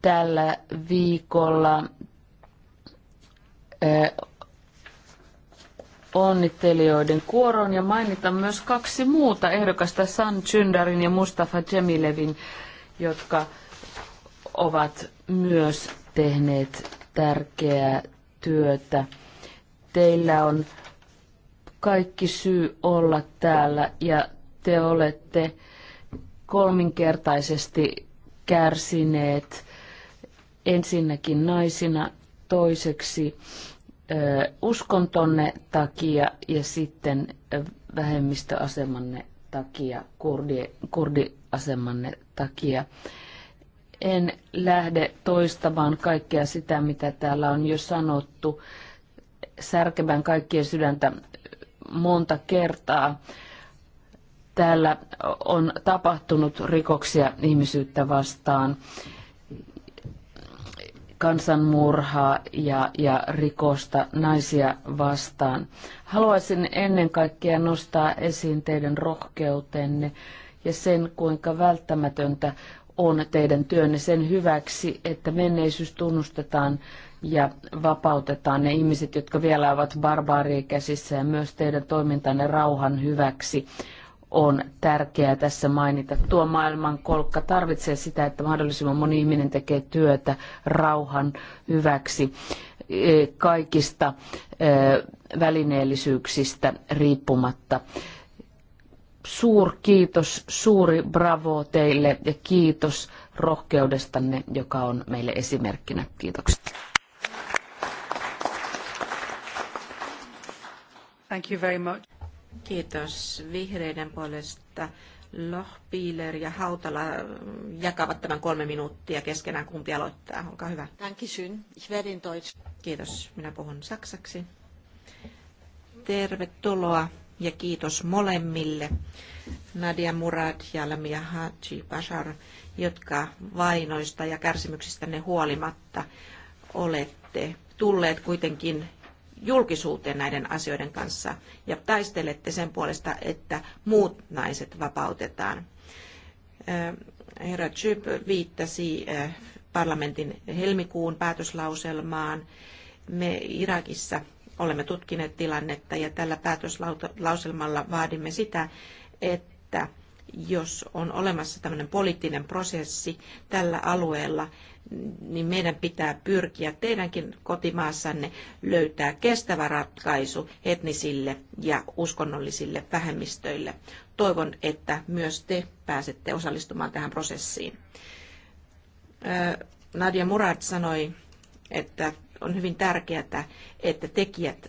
tällä viikolla ö, onnittelijoiden kuoron ja mainita myös kaksi muuta ehdokasta, San Chyndarin ja Mustafa Cemilevin, jotka ovat myös tehneet tärkeää työtä. Teillä on kaikki syy olla täällä ja te olette kolminkertaisesti kärsineet ensinnäkin naisina, toiseksi uskontonne takia ja sitten vähemmistöasemanne takia, kurdi, kurdiasemanne takia. En lähde toistamaan kaikkea sitä, mitä täällä on jo sanottu, särkevän kaikkien sydäntä monta kertaa. Täällä on tapahtunut rikoksia ihmisyyttä vastaan, kansanmurhaa ja, ja rikosta naisia vastaan. Haluaisin ennen kaikkea nostaa esiin teidän rohkeutenne ja sen, kuinka välttämätöntä on teidän työnne sen hyväksi, että menneisyys tunnustetaan ja vapautetaan ne ihmiset, jotka vielä ovat barbaarien käsissä ja myös teidän toimintanne rauhan hyväksi on tärkeää tässä mainita. Tuo maailman kolkka tarvitsee sitä, että mahdollisimman moni ihminen tekee työtä rauhan hyväksi eh, kaikista eh, välineellisyyksistä riippumatta kiitos, suuri bravo teille ja kiitos rohkeudestanne, joka on meille esimerkkinä. Kiitokset. Thank you very much. Kiitos vihreiden puolesta. Lohpiiler ja Hautala jakavat tämän kolme minuuttia keskenään. Kumpi aloittaa? Olkaa hyvä. Dankeschön. Ich werde in Deutsch. Kiitos. Minä puhun saksaksi. Tervetuloa ja kiitos molemmille, Nadia Murad ja Lamia Haji Bashar, jotka vainoista ja kärsimyksistänne huolimatta olette tulleet kuitenkin julkisuuteen näiden asioiden kanssa ja taistelette sen puolesta, että muut naiset vapautetaan. Herra Chyp viittasi parlamentin helmikuun päätöslauselmaan. Me Irakissa Olemme tutkineet tilannetta ja tällä päätöslauselmalla vaadimme sitä, että jos on olemassa tämmöinen poliittinen prosessi tällä alueella, niin meidän pitää pyrkiä teidänkin kotimaassanne löytää kestävä ratkaisu etnisille ja uskonnollisille vähemmistöille. Toivon, että myös te pääsette osallistumaan tähän prosessiin. Nadia Murad sanoi, että on hyvin tärkeää, että tekijät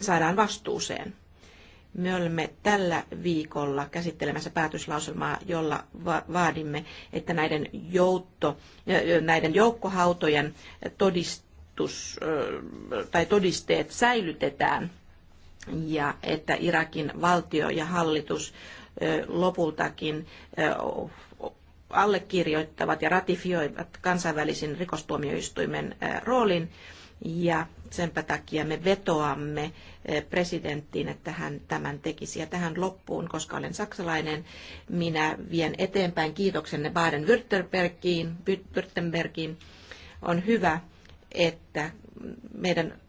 saadaan vastuuseen. Me olemme tällä viikolla käsittelemässä päätöslauselmaa, jolla vaadimme, että näiden, joutto, näiden joukkohautojen todistus, tai todisteet säilytetään ja että Irakin valtio ja hallitus lopultakin allekirjoittavat ja ratifioivat kansainvälisen rikostuomioistuimen roolin. Ja senpä takia me vetoamme presidenttiin, että hän tämän tekisi. Ja tähän loppuun, koska olen saksalainen, minä vien eteenpäin kiitoksenne Baden-Württembergiin. Württembergiin. On hyvä, että meidän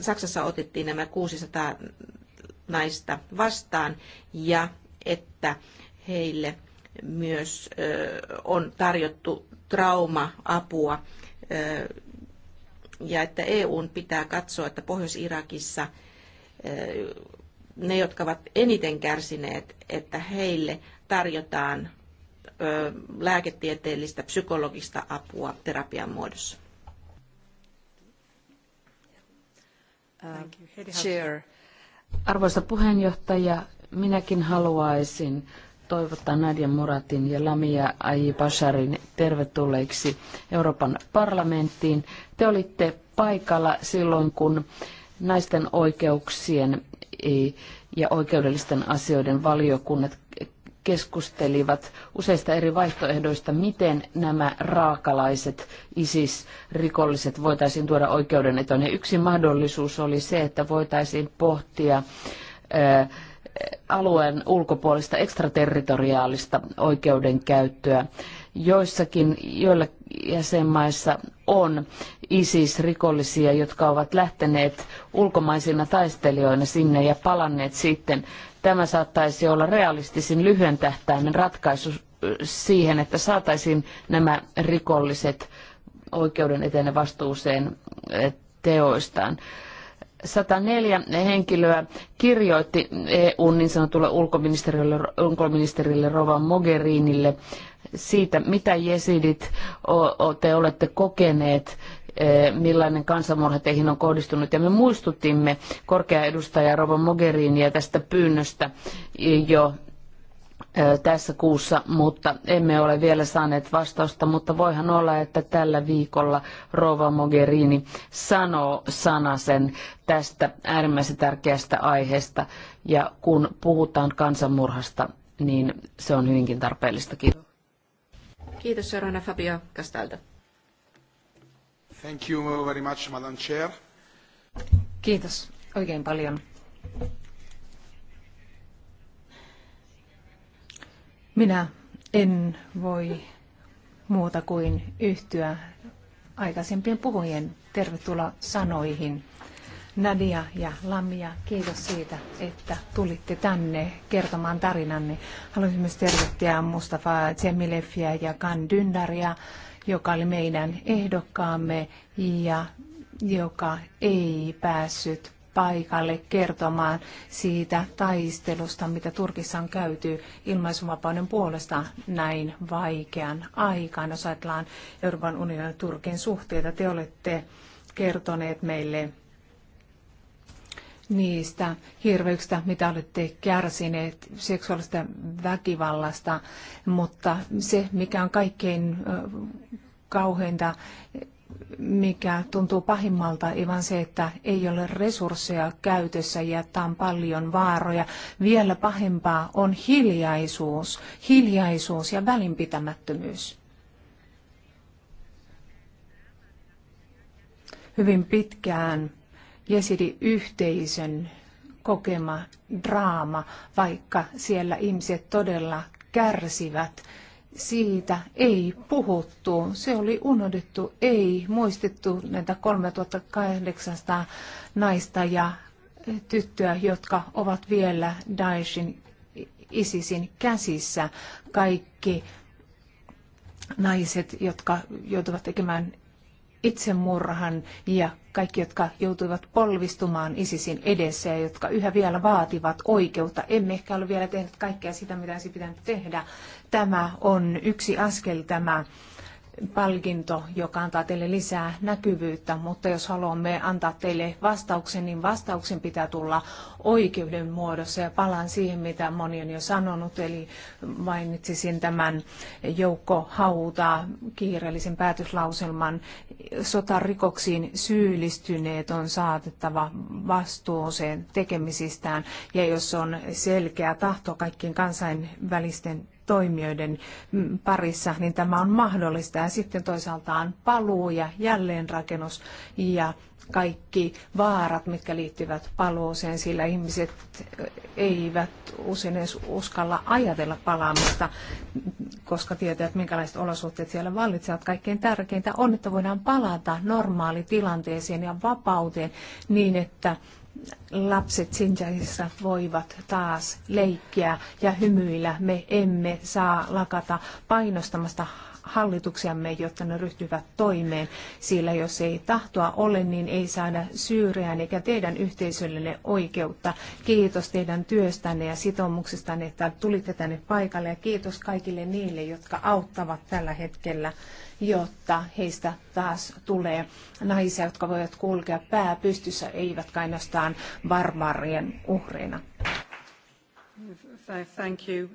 Saksassa otettiin nämä 600 naista vastaan ja että heille myös on tarjottu trauma-apua ja että EUn pitää katsoa, että Pohjois-Irakissa ne, jotka ovat eniten kärsineet, että heille tarjotaan lääketieteellistä, psykologista apua terapian muodossa. Arvoisa puheenjohtaja, minäkin haluaisin toivottaa Nadia Muratin ja Lamia Aji Basharin tervetulleiksi Euroopan parlamenttiin. Te olitte paikalla silloin, kun naisten oikeuksien e, ja oikeudellisten asioiden valiokunnat keskustelivat useista eri vaihtoehdoista, miten nämä raakalaiset ISIS-rikolliset voitaisiin tuoda oikeuden eteen. yksi mahdollisuus oli se, että voitaisiin pohtia ää, e, alueen ulkopuolista ekstraterritoriaalista oikeudenkäyttöä. Joissakin, joilla jäsenmaissa on ISIS-rikollisia, jotka ovat lähteneet ulkomaisina taistelijoina sinne ja palanneet sitten. Tämä saattaisi olla realistisin lyhyen tähtäimen ratkaisu eh, siihen, että saataisiin nämä rikolliset oikeuden eteen vastuuseen eh, teoistaan. 104 henkilöä kirjoitti EUn niin sanotulle ulkoministerille, ulkoministerille Rova Mogherinille siitä, mitä jesidit te olette kokeneet e, millainen kansanmurha teihin on kohdistunut. Ja me muistutimme korkea edustaja Rova Mogheriniä tästä pyynnöstä jo tässä kuussa, mutta emme ole vielä saaneet vastausta, mutta voihan olla, että tällä viikolla Rova Mogherini sanoo sanasen tästä äärimmäisen tärkeästä aiheesta. Ja kun puhutaan kansanmurhasta, niin se on hyvinkin tarpeellista. Kiitos. Kiitos seuraavana Fabio Castaldo. Thank you very much, Madam Chair. Kiitos oikein paljon. Minä en voi muuta kuin yhtyä aikaisempien puhujien tervetuloa sanoihin. Nadia ja Lamia, kiitos siitä, että tulitte tänne kertomaan tarinanne. Haluaisin myös tervehtiä Mustafa Tsemilefia ja Kan Dündaria, joka oli meidän ehdokkaamme ja joka ei päässyt paikalle kertomaan siitä taistelusta, mitä Turkissa on käyty ilmaisuvapauden puolesta näin vaikean aikaan. Jos ajatellaan Euroopan unionin ja Turkin suhteita, te olette kertoneet meille niistä hirveyksistä, mitä olette kärsineet, seksuaalista väkivallasta, mutta se, mikä on kaikkein kauheinta mikä tuntuu pahimmalta, ei se, että ei ole resursseja käytössä ja että on paljon vaaroja. Vielä pahempaa on hiljaisuus, hiljaisuus ja välinpitämättömyys. Hyvin pitkään Jesidi yhteisön kokema draama, vaikka siellä ihmiset todella kärsivät, siitä ei puhuttu. Se oli unohdettu, ei muistettu näitä 3800 naista ja tyttöä, jotka ovat vielä Daeshin ISISin käsissä. Kaikki naiset, jotka joutuvat tekemään itsemurhan ja kaikki, jotka joutuivat polvistumaan ISISin edessä ja jotka yhä vielä vaativat oikeutta. Emme ehkä ole vielä tehneet kaikkea sitä, mitä olisi pitänyt tehdä. Tämä on yksi askel tämä palkinto, joka antaa teille lisää näkyvyyttä, mutta jos haluamme antaa teille vastauksen, niin vastauksen pitää tulla oikeuden muodossa. Ja palaan siihen, mitä moni on jo sanonut, eli mainitsisin tämän Joukko Hauta kiireellisen päätöslauselman. Sotarikoksiin syyllistyneet on saatettava vastuuseen tekemisistään, ja jos on selkeä tahto kaikkien kansainvälisten toimijoiden parissa, niin tämä on mahdollista. Ja sitten toisaaltaan paluu ja jälleenrakennus ja kaikki vaarat, mitkä liittyvät paluuseen, sillä ihmiset eivät usein edes uskalla ajatella palaamista, koska tietävät, minkälaiset olosuhteet siellä vallitsevat. Kaikkein tärkeintä on, että voidaan palata normaalitilanteeseen ja vapauteen niin, että lapset Xinjiangissa voivat taas leikkiä ja hymyillä. Me emme saa lakata painostamasta hallituksiamme, jotta ne ryhtyvät toimeen, sillä jos ei tahtoa ole, niin ei saada Syyriään eikä teidän yhteisöllenne oikeutta. Kiitos teidän työstänne ja sitoumuksestanne, että tulitte tänne paikalle ja kiitos kaikille niille, jotka auttavat tällä hetkellä jotta heistä taas tulee naisia, jotka voivat kulkea pää pystyssä, eivät ainoastaan barbarien uhreina. Thank you.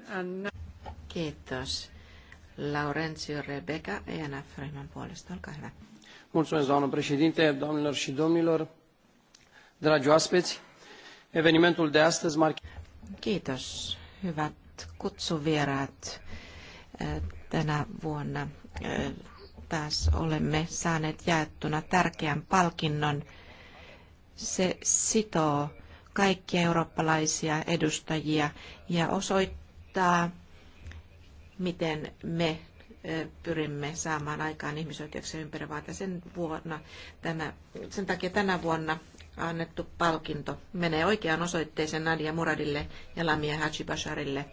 Kiitos. Laurențiu Rebecca, ENF Ryhmän puolesta, olkaa hyvä. Mulțumesc, doamnă președinte, doamnelor și domnilor, dragi oaspeți. Evenimentul de astăzi marchează... Kiitos, hyvät kutsuvieraat. Eh, tänä vuonna eh, taas olemme saaneet jaettuna tärkeän palkinnon. Se sitoo kaikkia eurooppalaisia edustajia ja osoittaa, miten me pyrimme saamaan aikaan ihmisoikeuksia ympäri Sen, vuonna, tänä, sen takia tänä vuonna annettu palkinto menee oikeaan osoitteeseen Nadia Muradille ja Lamia Hajibasharille,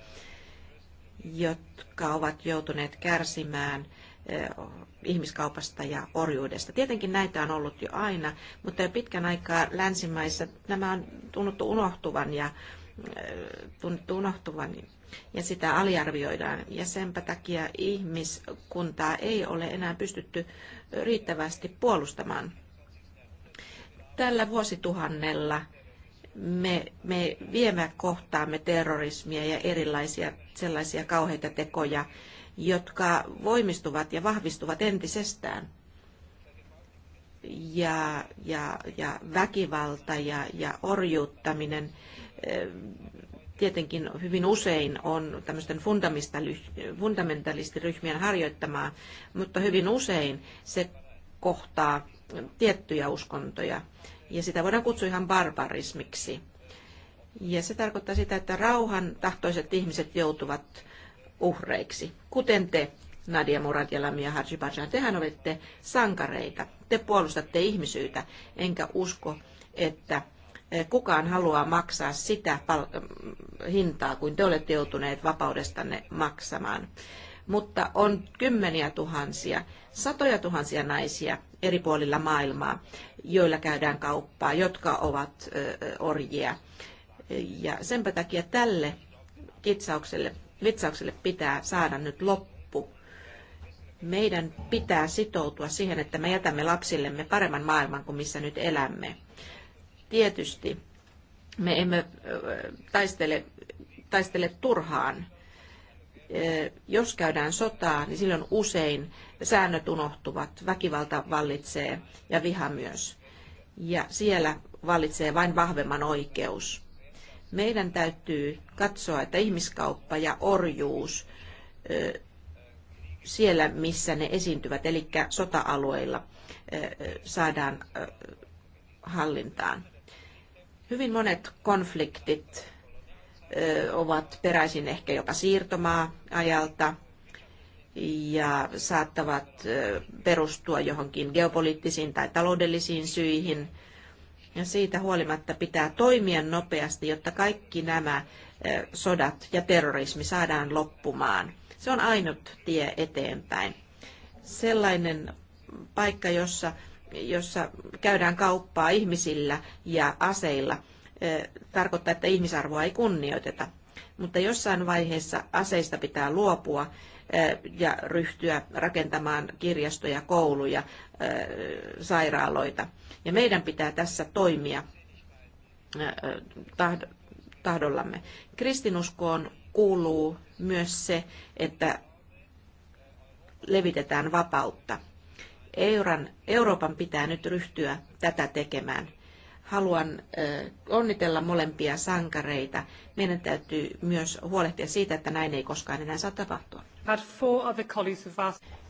jotka ovat joutuneet kärsimään ihmiskaupasta ja orjuudesta. Tietenkin näitä on ollut jo aina, mutta jo pitkän aikaa länsimaissa nämä on tunnuttu unohtuvan ja äh, tunnuttu unohtuvan ja sitä aliarvioidaan. Ja senpä takia ihmiskuntaa ei ole enää pystytty riittävästi puolustamaan. Tällä vuosituhannella me, me viemme kohtaamme terrorismia ja erilaisia sellaisia kauheita tekoja, jotka voimistuvat ja vahvistuvat entisestään. Ja, ja, ja väkivalta ja, ja orjuuttaminen eh, tietenkin hyvin usein on tämmöisten fundamentalistiryhmien harjoittamaa, mutta hyvin usein se kohtaa tiettyjä uskontoja, ja sitä voidaan kutsua ihan barbarismiksi. Ja se tarkoittaa sitä, että rauhan tahtoiset ihmiset joutuvat uhreiksi, kuten te, Nadia Murad ja Lamia Harjibajan. Tehän olette sankareita. Te puolustatte ihmisyyttä, enkä usko, että eh, kukaan haluaa maksaa sitä mm, hintaa, kuin te olette joutuneet vapaudestanne maksamaan. Mutta on kymmeniä tuhansia, satoja tuhansia naisia eri puolilla maailmaa, joilla käydään kauppaa, jotka ovat eh, eh, orjia. Ja senpä takia tälle kitsaukselle vitsaukselle pitää saada nyt loppu. Meidän pitää sitoutua siihen, että me jätämme lapsillemme paremman maailman kuin missä nyt elämme. Tietysti me emme taistele, taistele turhaan. Jos käydään sotaa, niin silloin usein säännöt unohtuvat, väkivalta vallitsee ja viha myös. Ja siellä vallitsee vain vahvemman oikeus. Meidän täytyy katsoa, että ihmiskauppa ja orjuus siellä, missä ne esiintyvät, eli sota-alueilla, saadaan hallintaan. Hyvin monet konfliktit ovat peräisin ehkä jopa siirtomaa-ajalta ja saattavat perustua johonkin geopoliittisiin tai taloudellisiin syihin – ja siitä huolimatta pitää toimia nopeasti, jotta kaikki nämä eh, sodat ja terrorismi saadaan loppumaan. Se on ainut tie eteenpäin. Sellainen paikka, jossa, jossa käydään kauppaa ihmisillä ja aseilla, eh, tarkoittaa, että ihmisarvoa ei kunnioiteta. Mutta jossain vaiheessa aseista pitää luopua ja ryhtyä rakentamaan kirjastoja, kouluja, sairaaloita. Ja meidän pitää tässä toimia tahdollamme. Kristinuskoon kuuluu myös se, että levitetään vapautta. Euroopan pitää nyt ryhtyä tätä tekemään haluan onnitella molempia sankareita. Meidän täytyy myös huolehtia siitä, että näin ei koskaan enää saa tapahtua.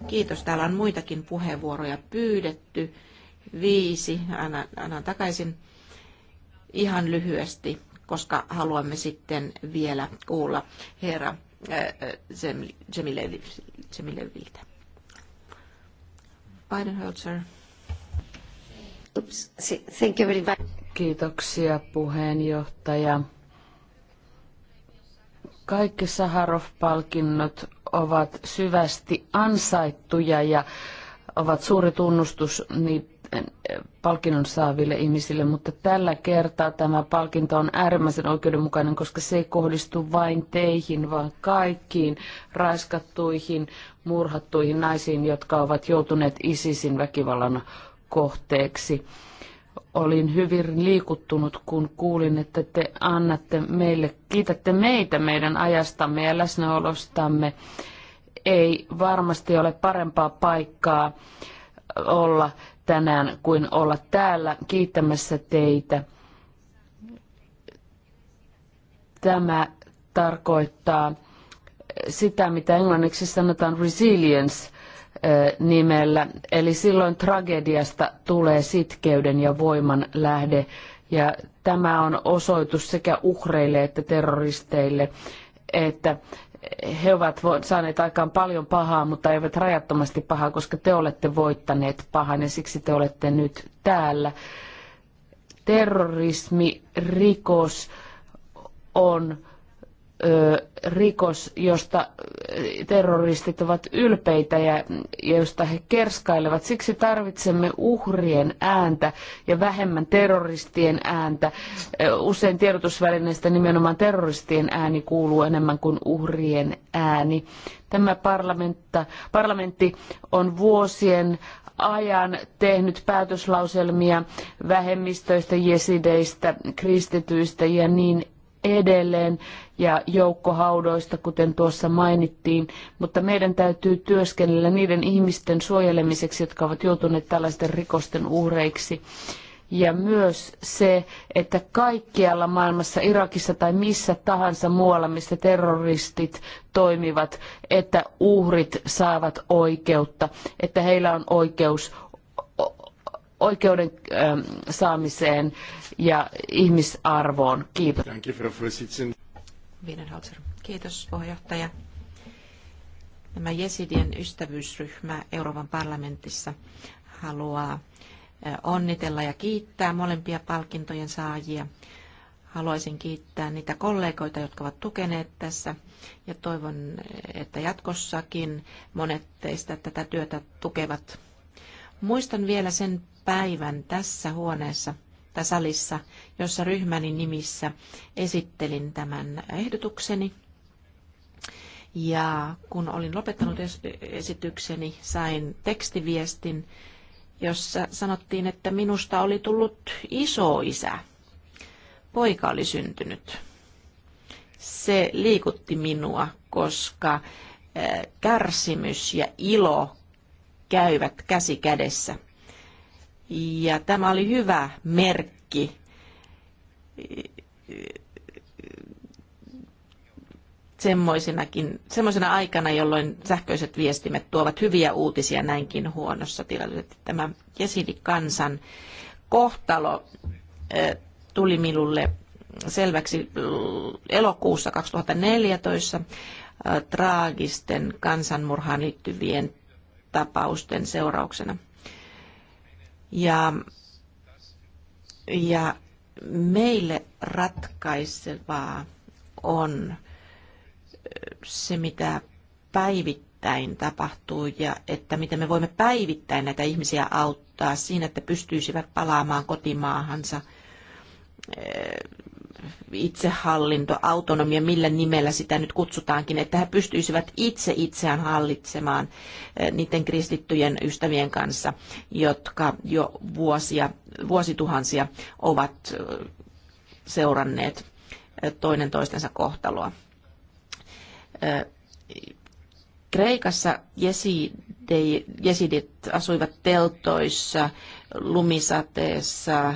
Kiitos. Täällä on muitakin puheenvuoroja pyydetty. Viisi. Annan, annan takaisin ihan lyhyesti, koska haluamme sitten vielä kuulla herra Zemileviltä. Bidenholzer. Thank you very much. Kiitoksia puheenjohtaja. Kaikki Saharov-palkinnot ovat syvästi ansaittuja ja ovat suuri tunnustus niin eh, palkinnon saaville ihmisille, mutta tällä kertaa tämä palkinto on äärimmäisen oikeudenmukainen, koska se ei kohdistu vain teihin, vaan kaikkiin raiskattuihin, murhattuihin naisiin, jotka ovat joutuneet ISISin väkivallan kohteeksi. Olin hyvin liikuttunut, kun kuulin, että te annatte meille, kiitätte meitä meidän ajastamme ja läsnäolostamme. Ei varmasti ole parempaa paikkaa olla tänään kuin olla täällä kiittämässä teitä. Tämä tarkoittaa sitä, mitä englanniksi sanotaan resilience, nimellä. Eli silloin tragediasta tulee sitkeyden ja voiman lähde. Ja tämä on osoitus sekä uhreille että terroristeille, että he ovat saaneet aikaan paljon pahaa, mutta eivät rajattomasti pahaa, koska te olette voittaneet pahan ja siksi te olette nyt täällä. Terrorismi, rikos on rikos, josta terroristit ovat ylpeitä ja, josta he kerskailevat. Siksi tarvitsemme uhrien ääntä ja vähemmän terroristien ääntä. Usein tiedotusvälineistä nimenomaan terroristien ääni kuuluu enemmän kuin uhrien ääni. Tämä parlamentti on vuosien ajan tehnyt päätöslauselmia vähemmistöistä, jesideistä, kristityistä ja niin edelleen ja joukkohaudoista, kuten tuossa mainittiin, mutta meidän täytyy työskennellä niiden ihmisten suojelemiseksi, jotka ovat joutuneet tällaisten rikosten uhreiksi. Ja myös se, että kaikkialla maailmassa, Irakissa tai missä tahansa muualla, missä terroristit toimivat, että uhrit saavat oikeutta, että heillä on oikeus oikeuden saamiseen ja ihmisarvoon. Kiitos. Wienenholzer. Kiitos puheenjohtaja. Tämä Jesidien ystävyysryhmä Euroopan parlamentissa haluaa onnitella ja kiittää molempia palkintojen saajia. Haluaisin kiittää niitä kollegoita, jotka ovat tukeneet tässä ja toivon, että jatkossakin monet teistä tätä työtä tukevat. Muistan vielä sen päivän tässä huoneessa, tässä salissa, jossa ryhmäni nimissä esittelin tämän ehdotukseni. Ja kun olin lopettanut esitykseni, sain tekstiviestin, jossa sanottiin, että minusta oli tullut isoisä. Poika oli syntynyt. Se liikutti minua, koska kärsimys ja ilo käyvät käsi kädessä. Ja tämä oli hyvä merkki semmoisenakin, semmoisena aikana, jolloin sähköiset viestimet tuovat hyviä uutisia näinkin huonossa tilanteessa. Tämä jesidikansan kohtalo tuli minulle selväksi elokuussa 2014 traagisten kansanmurhaan liittyvien tapausten seurauksena. Ja, ja meille ratkaisevaa on se, mitä päivittäin tapahtuu ja että miten me voimme päivittäin näitä ihmisiä auttaa siinä, että pystyisivät palaamaan kotimaahansa itsehallinto, autonomia, millä nimellä sitä nyt kutsutaankin, että he pystyisivät itse itseään hallitsemaan eh, niiden kristittyjen ystävien kanssa, jotka jo vuosia, vuosituhansia ovat eh, seuranneet eh, toinen toistensa kohtaloa. Kreikassa jesidit asuivat teltoissa, lumisateessa,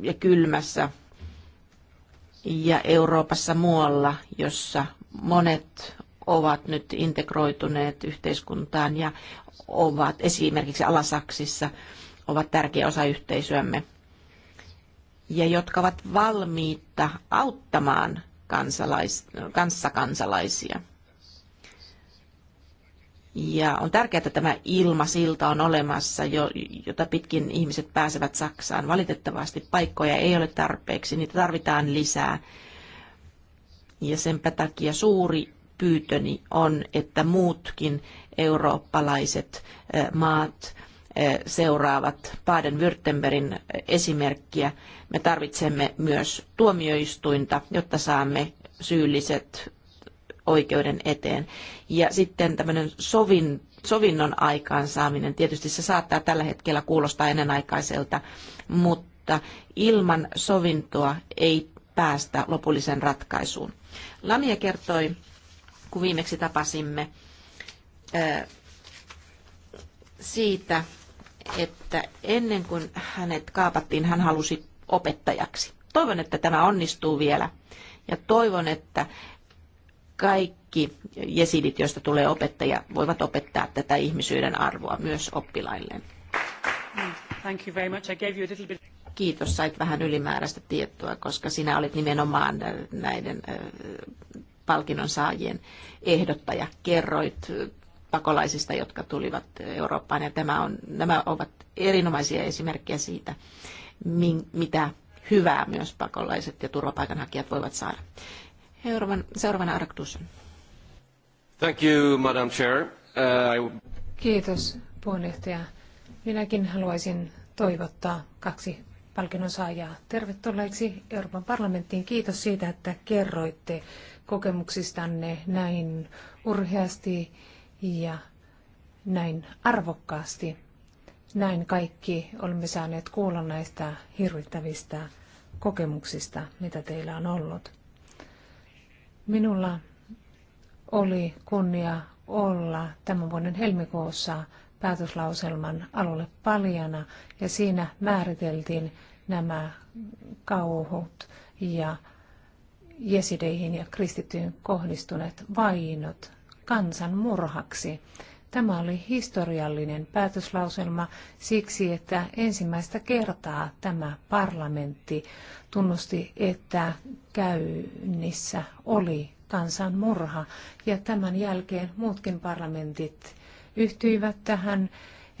ja kylmässä ja Euroopassa muualla, jossa monet ovat nyt integroituneet yhteiskuntaan ja ovat esimerkiksi Alasaksissa ovat tärkeä osa yhteisöämme ja jotka ovat valmiita auttamaan kansalais, kanssakansalaisia. Ja on tärkeää, että tämä ilmasilta on olemassa, jota pitkin ihmiset pääsevät Saksaan. Valitettavasti paikkoja ei ole tarpeeksi, niitä tarvitaan lisää. Ja senpä takia suuri pyytöni on, että muutkin eurooppalaiset eh, maat eh, seuraavat Baden-Württembergin eh, esimerkkiä. Me tarvitsemme myös tuomioistuinta, jotta saamme syylliset oikeuden eteen. Ja sitten tämmöinen sovin, sovinnon aikaansaaminen, tietysti se saattaa tällä hetkellä kuulostaa ennenaikaiselta, mutta ilman sovintoa ei päästä lopulliseen ratkaisuun. Lamia kertoi, kun viimeksi tapasimme, siitä, että ennen kuin hänet kaapattiin, hän halusi opettajaksi. Toivon, että tämä onnistuu vielä ja toivon, että kaikki jesidit, joista tulee opettaja, voivat opettaa tätä ihmisyyden arvoa myös oppilailleen. Thank you very much. I gave you a little bit... Kiitos, sait vähän ylimääräistä tietoa, koska sinä olit nimenomaan äh, näiden äh, palkinnon saajien ehdottaja. Kerroit äh, pakolaisista, jotka tulivat Eurooppaan, ja tämä on, nämä ovat erinomaisia esimerkkejä siitä, mitä hyvää myös pakolaiset ja turvapaikanhakijat voivat saada. Euroopan, seuraavana Arktus. Thank you, Madam Chair. Uh, I... Kiitos, puheenjohtaja. Minäkin haluaisin toivottaa kaksi palkinnon saajaa tervetulleeksi Euroopan parlamenttiin. Kiitos siitä, että kerroitte kokemuksistanne näin urheasti ja näin arvokkaasti. Näin kaikki olemme saaneet kuulla näistä hirvittävistä kokemuksista, mitä teillä on ollut. Minulla oli kunnia olla tämän vuoden helmikuussa päätöslauselman alulle paljana ja siinä määriteltiin nämä kauhut ja jesideihin ja kristittyihin kohdistuneet vainot kansanmurhaksi. Tämä oli historiallinen päätöslauselma siksi, että ensimmäistä kertaa tämä parlamentti tunnusti, että käynnissä oli kansanmurha. Ja tämän jälkeen muutkin parlamentit yhtyivät tähän.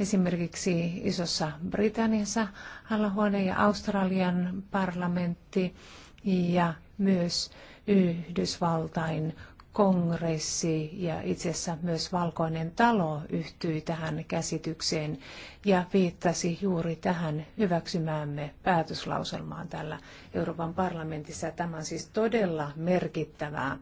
Esimerkiksi Isossa Britanniassa alahuone ja Australian parlamentti ja myös Yhdysvaltain kongressi ja itse asiassa myös Valkoinen talo yhtyi tähän käsitykseen ja viittasi juuri tähän hyväksymäämme päätöslauselmaan täällä Euroopan parlamentissa. Tämä on siis todella merkittävää.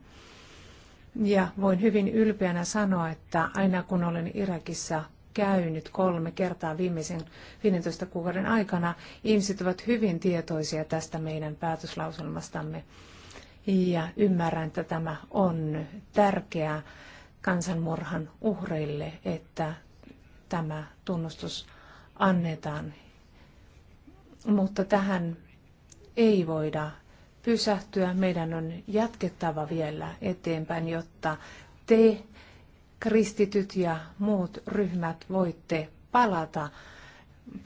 Ja voin hyvin ylpeänä sanoa, että aina kun olen Irakissa käynyt kolme kertaa viimeisen 15 kuukauden aikana, ihmiset ovat hyvin tietoisia tästä meidän päätöslauselmastamme ja ymmärrän, että tämä on tärkeää kansanmurhan uhreille, että tämä tunnustus annetaan. Mutta tähän ei voida pysähtyä. Meidän on jatkettava vielä eteenpäin, jotta te, kristityt ja muut ryhmät, voitte palata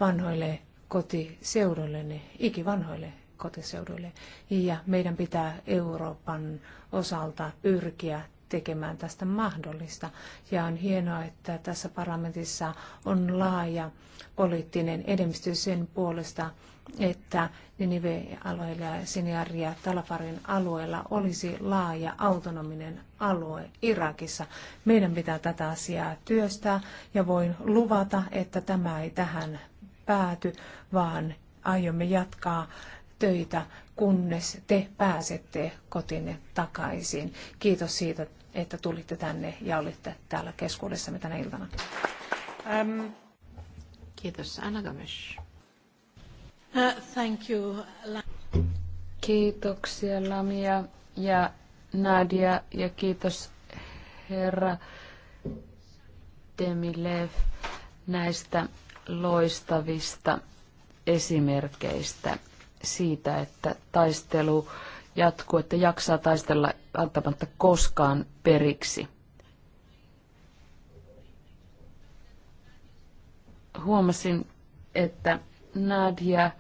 vanhoille kotiseudulle, ikivanhoille kotiseuduille. Ja meidän pitää Euroopan osalta pyrkiä tekemään tästä mahdollista. Ja on hienoa, että tässä parlamentissa on laaja poliittinen enemmistö sen puolesta, että Ninive-alueella ja Siniar ja Talafarin alueella olisi laaja autonominen alue Irakissa. Meidän pitää tätä asiaa työstää ja voin luvata, että tämä ei tähän pääty, vaan aiomme jatkaa töitä, kunnes te pääsette kotiinne takaisin. Kiitos siitä, että tulitte tänne ja olitte täällä keskuudessamme tänä iltana. Um, kiitos, Anna Uh, thank you. Kiitoksia, Lamia ja Nadia, ja kiitos, herra Demilev, näistä loistavista esimerkkeistä siitä, että taistelu jatkuu, että jaksaa taistella antamatta koskaan periksi. Huomasin, että Nadia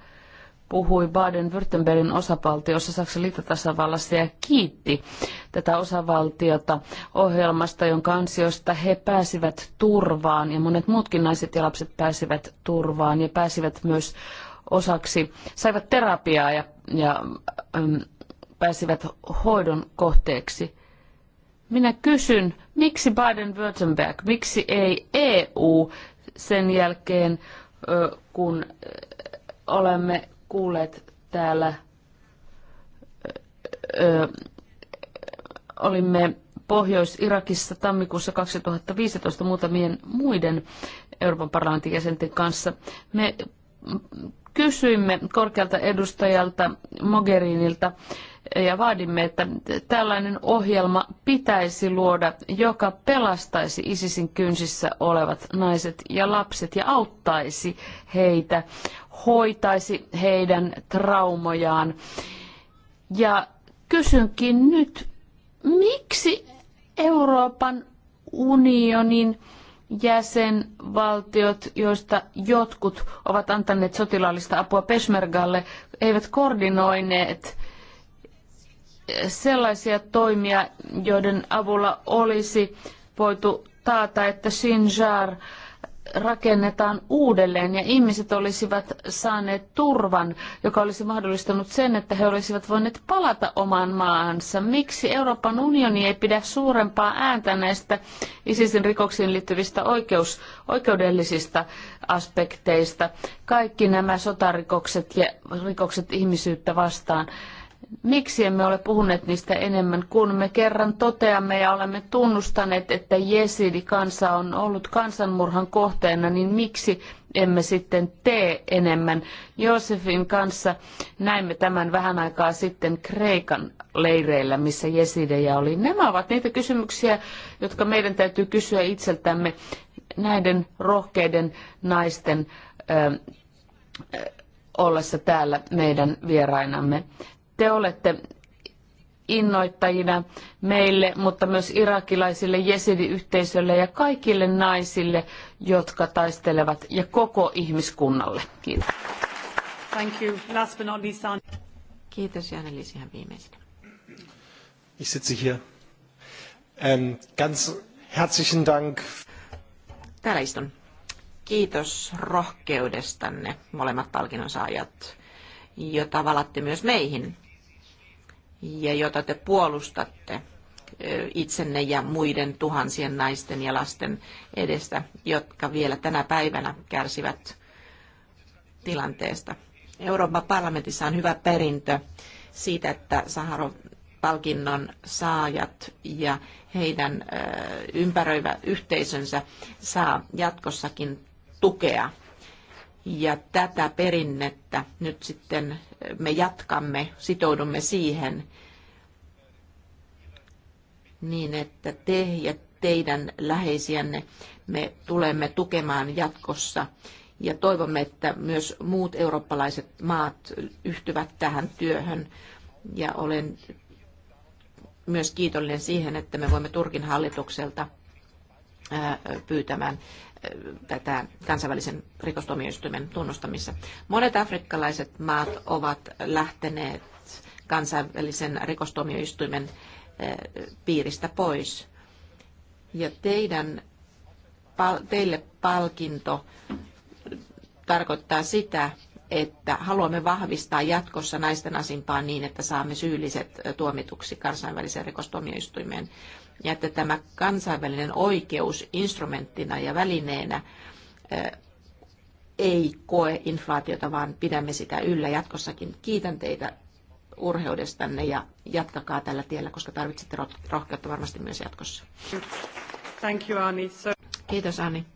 puhui Baden-Württembergin osavaltiossa Saksan liittotasavallassa ja kiitti tätä osavaltiota ohjelmasta, jonka ansiosta he pääsivät turvaan ja monet muutkin naiset ja lapset pääsivät turvaan ja pääsivät myös osaksi, saivat terapiaa ja, ja mm, pääsivät hoidon kohteeksi. Minä kysyn, miksi Biden-Württemberg, miksi ei EU sen jälkeen, kun olemme kuulleet täällä, olimme Pohjois-Irakissa tammikuussa 2015 muutamien muiden Euroopan parlamentin jäsenten kanssa. Me Kysyimme korkealta edustajalta Mogherinilta ja vaadimme, että tällainen ohjelma pitäisi luoda, joka pelastaisi ISISin kynsissä olevat naiset ja lapset ja auttaisi heitä, hoitaisi heidän traumojaan. Ja kysynkin nyt, miksi Euroopan unionin jäsenvaltiot, joista jotkut ovat antaneet sotilaallista apua Peshmergalle, eivät koordinoineet sellaisia toimia, joiden avulla olisi voitu taata, että Sinjar rakennetaan uudelleen ja ihmiset olisivat saaneet turvan, joka olisi mahdollistanut sen, että he olisivat voineet palata omaan maahansa. Miksi Euroopan unioni ei pidä suurempaa ääntä näistä ISISin rikoksiin liittyvistä oikeus, oikeudellisista aspekteista? Kaikki nämä sotarikokset ja rikokset ihmisyyttä vastaan Miksi emme ole puhuneet niistä enemmän, kun me kerran toteamme ja olemme tunnustaneet, että jesidikansa on ollut kansanmurhan kohteena, niin miksi emme sitten tee enemmän? Josefin kanssa näimme tämän vähän aikaa sitten Kreikan leireillä, missä jesidejä oli. Nämä ovat niitä kysymyksiä, jotka meidän täytyy kysyä itseltämme näiden rohkeiden naisten ö, ö, ollessa täällä meidän vierainamme. Te olette innoittajina meille, mutta myös irakilaisille jesidiyhteisölle ja kaikille naisille, jotka taistelevat ja koko ihmiskunnalle. Kiitos. Thank you. Last but not least, on... Kiitos ja Annelies ihan viimeisenä. Ich sitze hier. Ähm, ganz herzlichen Dank. Täällä istun. Kiitos rohkeudestanne, molemmat palkinnon saajat, jota valatte myös meihin ja jota te puolustatte itsenne ja muiden tuhansien naisten ja lasten edestä, jotka vielä tänä päivänä kärsivät tilanteesta. Euroopan parlamentissa on hyvä perintö siitä, että Saharov-palkinnon saajat ja heidän ympäröivä yhteisönsä saa jatkossakin tukea ja tätä perinnettä nyt sitten me jatkamme, sitoudumme siihen niin, että te ja teidän läheisiänne me tulemme tukemaan jatkossa. Ja toivomme, että myös muut eurooppalaiset maat yhtyvät tähän työhön. Ja olen myös kiitollinen siihen, että me voimme Turkin hallitukselta pyytämään tätä kansainvälisen rikostuomioistuimen tunnustamissa. Monet afrikkalaiset maat ovat lähteneet kansainvälisen rikostuomioistuimen piiristä pois. Ja teidän, teille palkinto tarkoittaa sitä, että haluamme vahvistaa jatkossa naisten asimpaa niin, että saamme syylliset tuomituksi kansainväliseen rikostuomioistuimeen ja että tämä kansainvälinen oikeus instrumenttina ja välineenä ei koe inflaatiota, vaan pidämme sitä yllä jatkossakin. Kiitän teitä urheudestanne ja jatkakaa tällä tiellä, koska tarvitsette rohkeutta varmasti myös jatkossa. Thank you, Ani. So... Kiitos, Ani.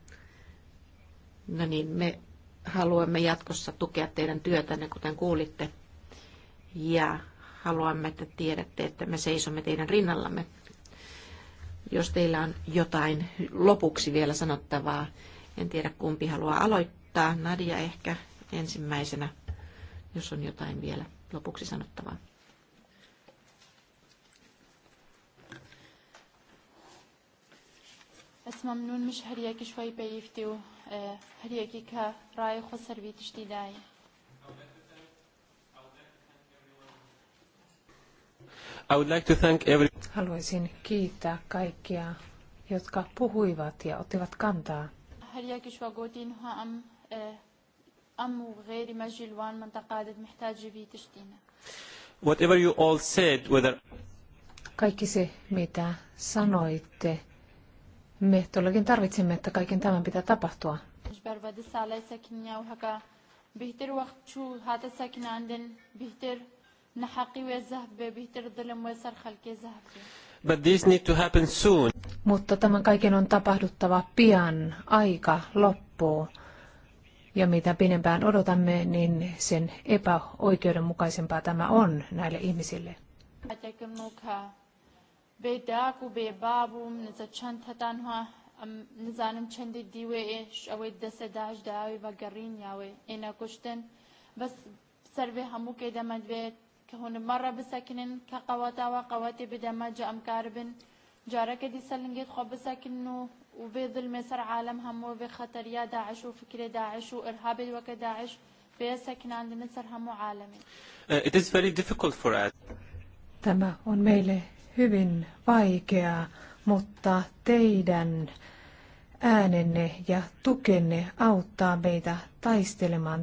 No niin, me haluamme jatkossa tukea teidän työtänne, kuten kuulitte. Ja haluamme, että tiedätte, että me seisomme teidän rinnallamme. Jos teillä on jotain lopuksi vielä sanottavaa, en tiedä kumpi haluaa aloittaa. Nadia ehkä ensimmäisenä, jos on jotain vielä lopuksi sanottavaa. بس minun مش هریکی شوي بيفتي و هریکی که رای Haluaisin kiittää kaikkia, jotka puhuivat ja ottivat kantaa. Whatever you all said, whether... Kaikki se, mitä sanoitte, me todellakin tarvitsemme, että kaiken tämän pitää tapahtua. بهتر But this need to happen soon. Mutta tämän kaiken on tapahduttava pian. Aika loppuu. Ja mitä pidempään odotamme, niin sen epäoikeudenmukaisempaa tämä on näille ihmisille. نزانم چەندی دیوێش ئەوەی کە هونمەڕە بسەکنن کە قەوەتاوە قەوەتی بدەمە ئەمکار بن جارەکە دیسە لنگێت خۆ بسەکن و و بێ دڵمێ سەر عالم هەموو بێ خەتەریا داعش و فکرێ داعش و ئرهابێت وەکە داعش بێ سەکناندنە سەر هەموو عالمی It is very difficult for us. Tämä on meille hyvin vaikea, mutta teidän äänenne ja tukenne auttaa meitä taistelemaan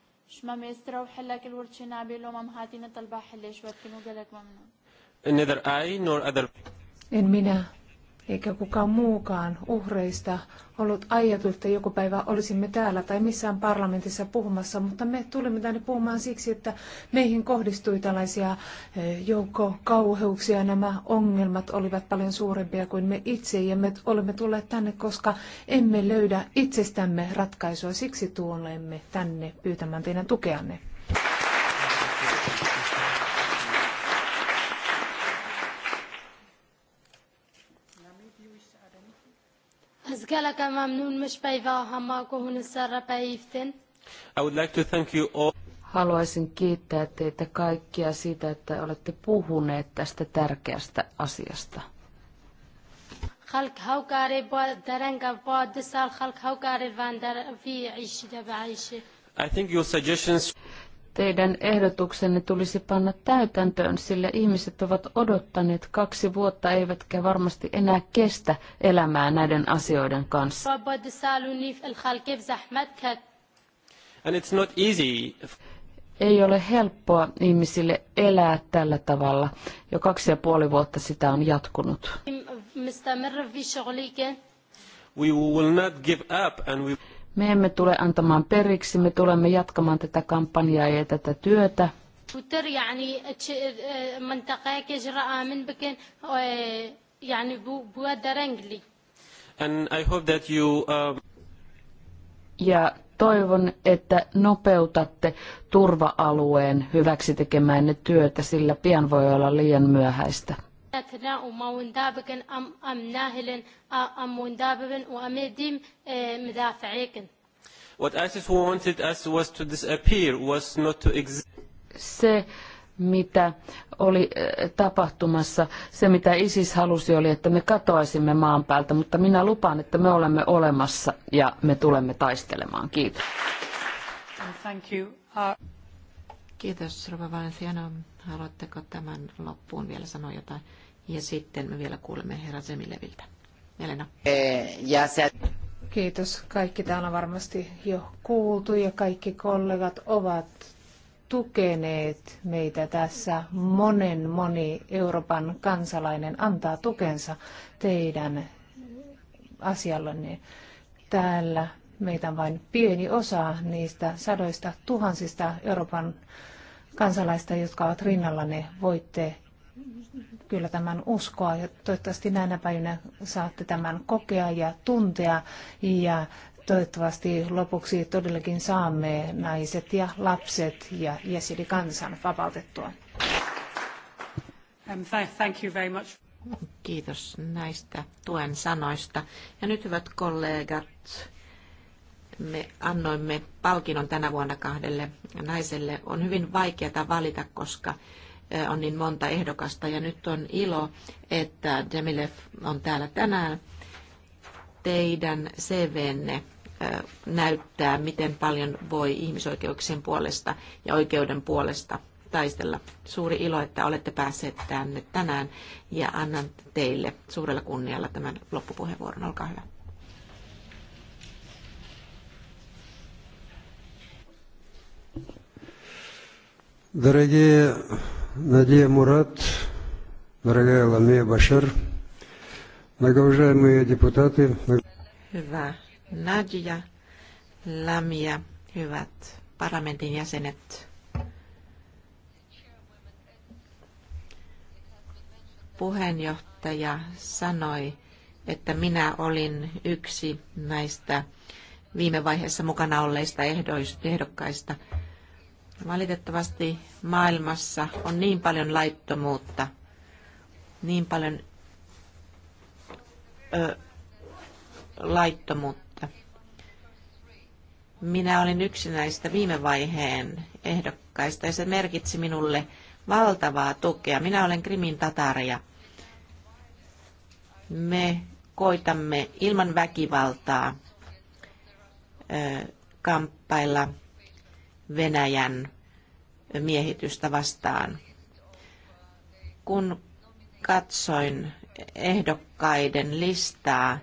شما ميسترو حلك الورد شنابي لو مام هاتين الطلبة حلي شوات كنو قالك ممنون. Neither I nor other. En minä eikä kukaan muukaan uhreista ollut ajatellut, että joku päivä olisimme täällä tai missään parlamentissa puhumassa, mutta me tulimme tänne puhumaan siksi, että meihin kohdistui tällaisia eh, joukko kauheuksia. Nämä ongelmat olivat paljon suurempia kuin me itse ja me olemme tulleet tänne, koska emme löydä itsestämme ratkaisua. Siksi tulemme tänne pyytämään teidän tukeanne. I would like to thank you all. Haluaisin kiittää teitä kaikkia siitä, että olette puhuneet tästä tärkeästä asiasta. خلق هاوكاري خلق هاوكاري في عيش دبعيش I think your suggestions teidän ehdotuksenne tulisi panna täytäntöön, sillä ihmiset ovat odottaneet kaksi vuotta, eivätkä varmasti enää kestä elämää näiden asioiden kanssa. Ei ole helppoa ihmisille elää tällä tavalla. Jo kaksi ja puoli vuotta sitä on jatkunut. We will not give up and we... Me emme tule antamaan periksi, me tulemme jatkamaan tätä kampanjaa ja tätä työtä. E, e, And I hope that you, um, Ja toivon, että nopeutatte turva-alueen hyväksi tekemään työtä, sillä pian voi olla liian myöhäistä. تنا وما وندابكن أم أم ناهلن أم ونداببن وأمديم مدافعيكن. What ISIS wanted us was to disappear, was not to exist. Se, mitä oli äh, tapahtumassa. Se, mitä ISIS halusi, oli, että me katoaisimme maan päältä, mutta minä lupaan, että me olemme olemassa ja me tulemme taistelemaan. Kiitos. Uh, thank you. Uh... Kiitos, Rova Valenciano. Haluatteko tämän loppuun vielä sanoa jotain? Ja sitten me vielä kuulemme herra Semileviltä. Elena. Eh, Kiitos. Kaikki täällä on varmasti jo kuultu ja kaikki kollegat ovat tukeneet meitä tässä. Monen moni Euroopan kansalainen antaa tukensa teidän asiallenne. Täällä meitä on vain pieni osa niistä sadoista tuhansista Euroopan kansalaista, jotka ovat rinnallanne. Voitte kyllä tämän uskoa ja toivottavasti näinä päivinä saatte tämän kokea ja tuntea ja toivottavasti lopuksi todellakin saamme naiset ja lapset ja kansan vapautettua. Um, thank you very much. Kiitos näistä tuen sanoista. Ja nyt hyvät kollegat, me annoimme palkinnon tänä vuonna kahdelle naiselle. On hyvin vaikeaa valita, koska Äh, on niin monta ehdokasta. Ja nyt on ilo, että Demilev on täällä tänään. Teidän CVnne äh, näyttää, miten paljon voi ihmisoikeuksien puolesta ja oikeuden puolesta taistella. Suuri ilo, että olette päässeet tänne tänään ja annan teille suurella kunnialla tämän loppupuheenvuoron. Olkaa hyvä. Дорогие Надия Мурат, дорогая Ламия Башар, многоуважаемые депутаты. Hyvä. Nadia, Lamia, hyvät parlamentin jäsenet. Puheenjohtaja sanoi, että minä olin yksi näistä viime vaiheessa mukana olleista ehdokkaista. Valitettavasti maailmassa on niin paljon laittomuutta, niin paljon ö, laittomuutta. Minä olin yksi näistä viime vaiheen ehdokkaista ja se merkitsi minulle valtavaa tukea. Minä olen Krimin tataria. Me koitamme ilman väkivaltaa ö, kamppailla – Venäjän miehitystä vastaan. Kun katsoin ehdokkaiden listaa,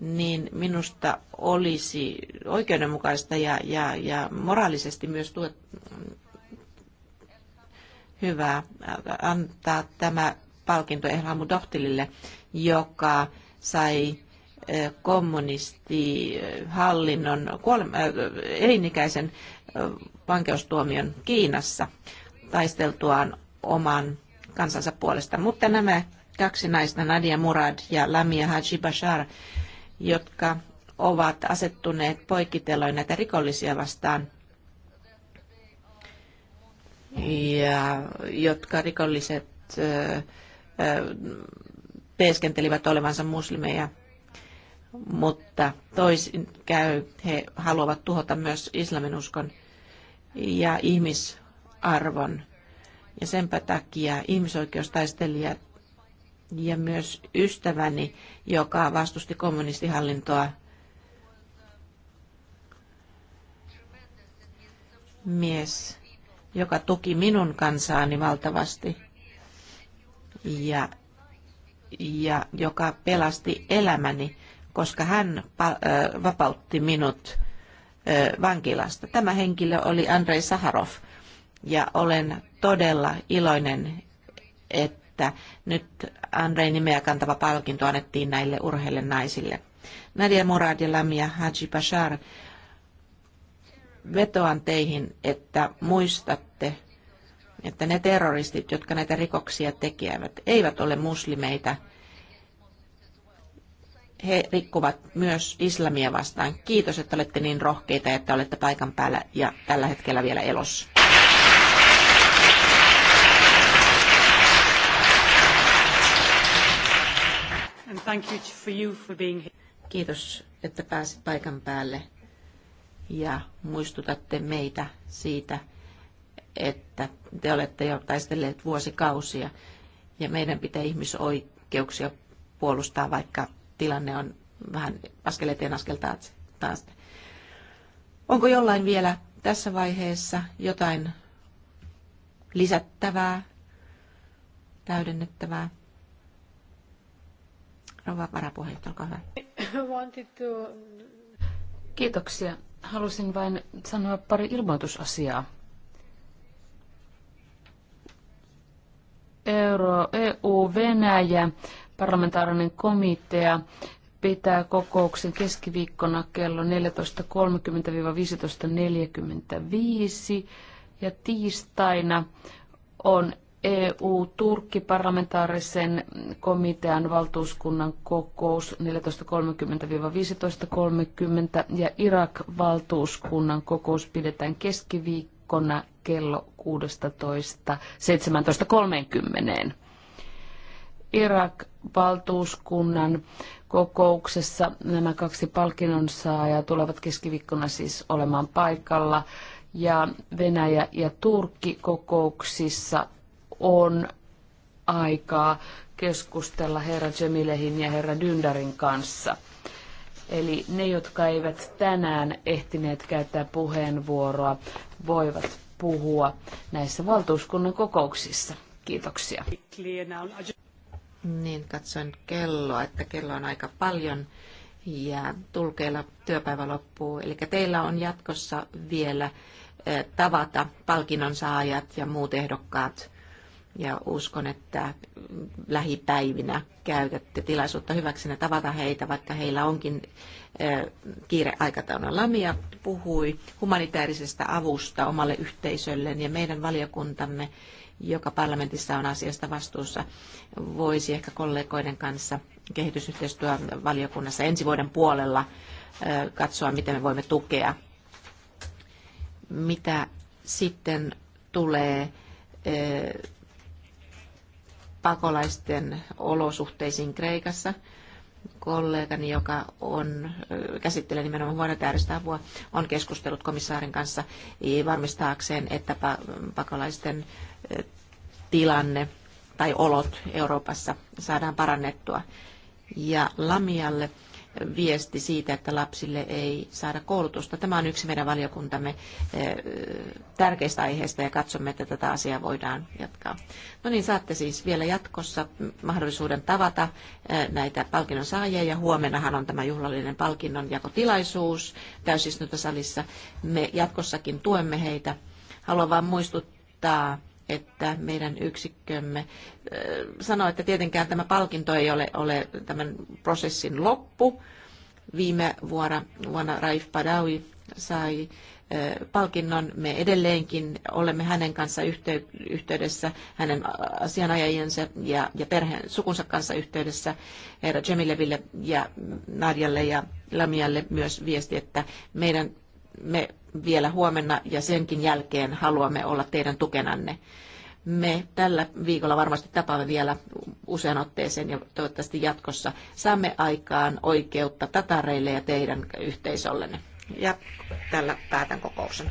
niin minusta olisi oikeudenmukaista ja, ja, ja moraalisesti myös tuot, hyvä antaa tämä palkinto Ehlamu Dohtilille, joka sai kommunistihallinnon kuolema, elinikäisen vankeustuomion Kiinassa taisteltuaan oman kansansa puolesta. Mutta nämä kaksi naista, Nadia Murad ja Lamia Haji Bashar, jotka ovat asettuneet poikkiteloin näitä rikollisia vastaan, ja jotka rikolliset teeskentelivät olevansa muslimeja, mutta toisin käy, he haluavat tuhota myös islaminuskon ja ihmisarvon. Ja senpä takia ihmisoikeustaistelijat ja myös ystäväni, joka vastusti kommunistihallintoa, mies, joka tuki minun kansaani valtavasti ja, ja joka pelasti elämäni, koska hän vapautti minut vankilasta. Tämä henkilö oli Andrei Saharov ja olen todella iloinen, että nyt Andrei nimeä kantava palkinto annettiin näille urheille naisille. Nadia Murad ja Lamia Haji Bashar, vetoan teihin, että muistatte, että ne terroristit, jotka näitä rikoksia tekevät, eivät ole muslimeita – he rikkovat myös islamia vastaan. Kiitos, että olette niin rohkeita, ja että olette paikan päällä ja tällä hetkellä vielä elossa. Kiitos, että pääsit paikan päälle ja muistutatte meitä siitä, että te olette jo taistelleet vuosikausia ja meidän pitää ihmisoikeuksia puolustaa, vaikka tilanne on vähän askel eteen askel taas. Onko jollain vielä tässä vaiheessa jotain lisättävää, täydennettävää? Rova varapuheenjohtaja, olkaa hyvä. Kiitoksia. Halusin vain sanoa pari ilmoitusasiaa. Euro, EU, Venäjä parlamentaarinen komitea pitää kokouksen keskiviikkona kello 14.30-15.45 ja tiistaina on EU-Turkki-parlamentaarisen komitean valtuuskunnan kokous 14.30-15.30 ja Irak-valtuuskunnan kokous pidetään keskiviikkona kello 16.17.30. Irak-valtuuskunnan kokouksessa nämä kaksi palkinnon saajaa tulevat keskiviikkona siis olemaan paikalla. Ja Venäjä ja Turkki kokouksissa on aikaa keskustella herra Cemilehin ja herra Dündarin kanssa. Eli ne, jotka eivät tänään ehtineet käyttää puheenvuoroa, voivat puhua näissä valtuuskunnan kokouksissa. Kiitoksia. Niin, katsoin kelloa, että kello on aika paljon ja tulkeilla työpäivä loppuu. Eli teillä on jatkossa vielä eh, tavata palkinnon saajat ja muut ehdokkaat. Ja uskon, että lähipäivinä käytätte tilaisuutta hyväksenä tavata heitä, vaikka heillä onkin eh, kiire aikataulun. Lamia puhui humanitaarisesta avusta omalle yhteisölleen ja meidän valiokuntamme joka parlamentissa on asiasta vastuussa, voisi ehkä kollegoiden kanssa kehitysyhteistyövaliokunnassa ensi vuoden puolella katsoa, miten me voimme tukea. Mitä sitten tulee pakolaisten olosuhteisiin Kreikassa, kollegani, joka on, käsittelee nimenomaan humanitaarista apua, on keskustellut komissaarin kanssa varmistaakseen, että pakolaisten tilanne tai olot Euroopassa saadaan parannettua. Ja Lamialle viesti siitä, että lapsille ei saada koulutusta. Tämä on yksi meidän valiokuntamme eh, tärkeistä aiheista ja katsomme, että tätä asiaa voidaan jatkaa. No niin, saatte siis vielä jatkossa mahdollisuuden tavata eh, näitä palkinnon saajia ja huomennahan on tämä juhlallinen palkinnonjakotilaisuus täysistuntosalissa. Me jatkossakin tuemme heitä. Haluan vain muistuttaa että meidän yksikkömme eh, sanoi, että tietenkään tämä palkinto ei ole, ole tämän prosessin loppu. Viime vuonna, vuonna Raif Badawi sai eh, palkinnon. Me edelleenkin olemme hänen kanssa yhteydessä, hänen asianajajiensa ja, ja perheen sukunsa kanssa yhteydessä, herra Jemileville ja Nadjalle ja Lamialle myös viesti, että meidän me vielä huomenna ja senkin jälkeen haluamme olla teidän tukenanne. Me tällä viikolla varmasti tapaamme vielä usean otteeseen ja toivottavasti jatkossa saamme aikaan oikeutta tatareille ja teidän yhteisöllenne. Ja tällä päätän kokouksen.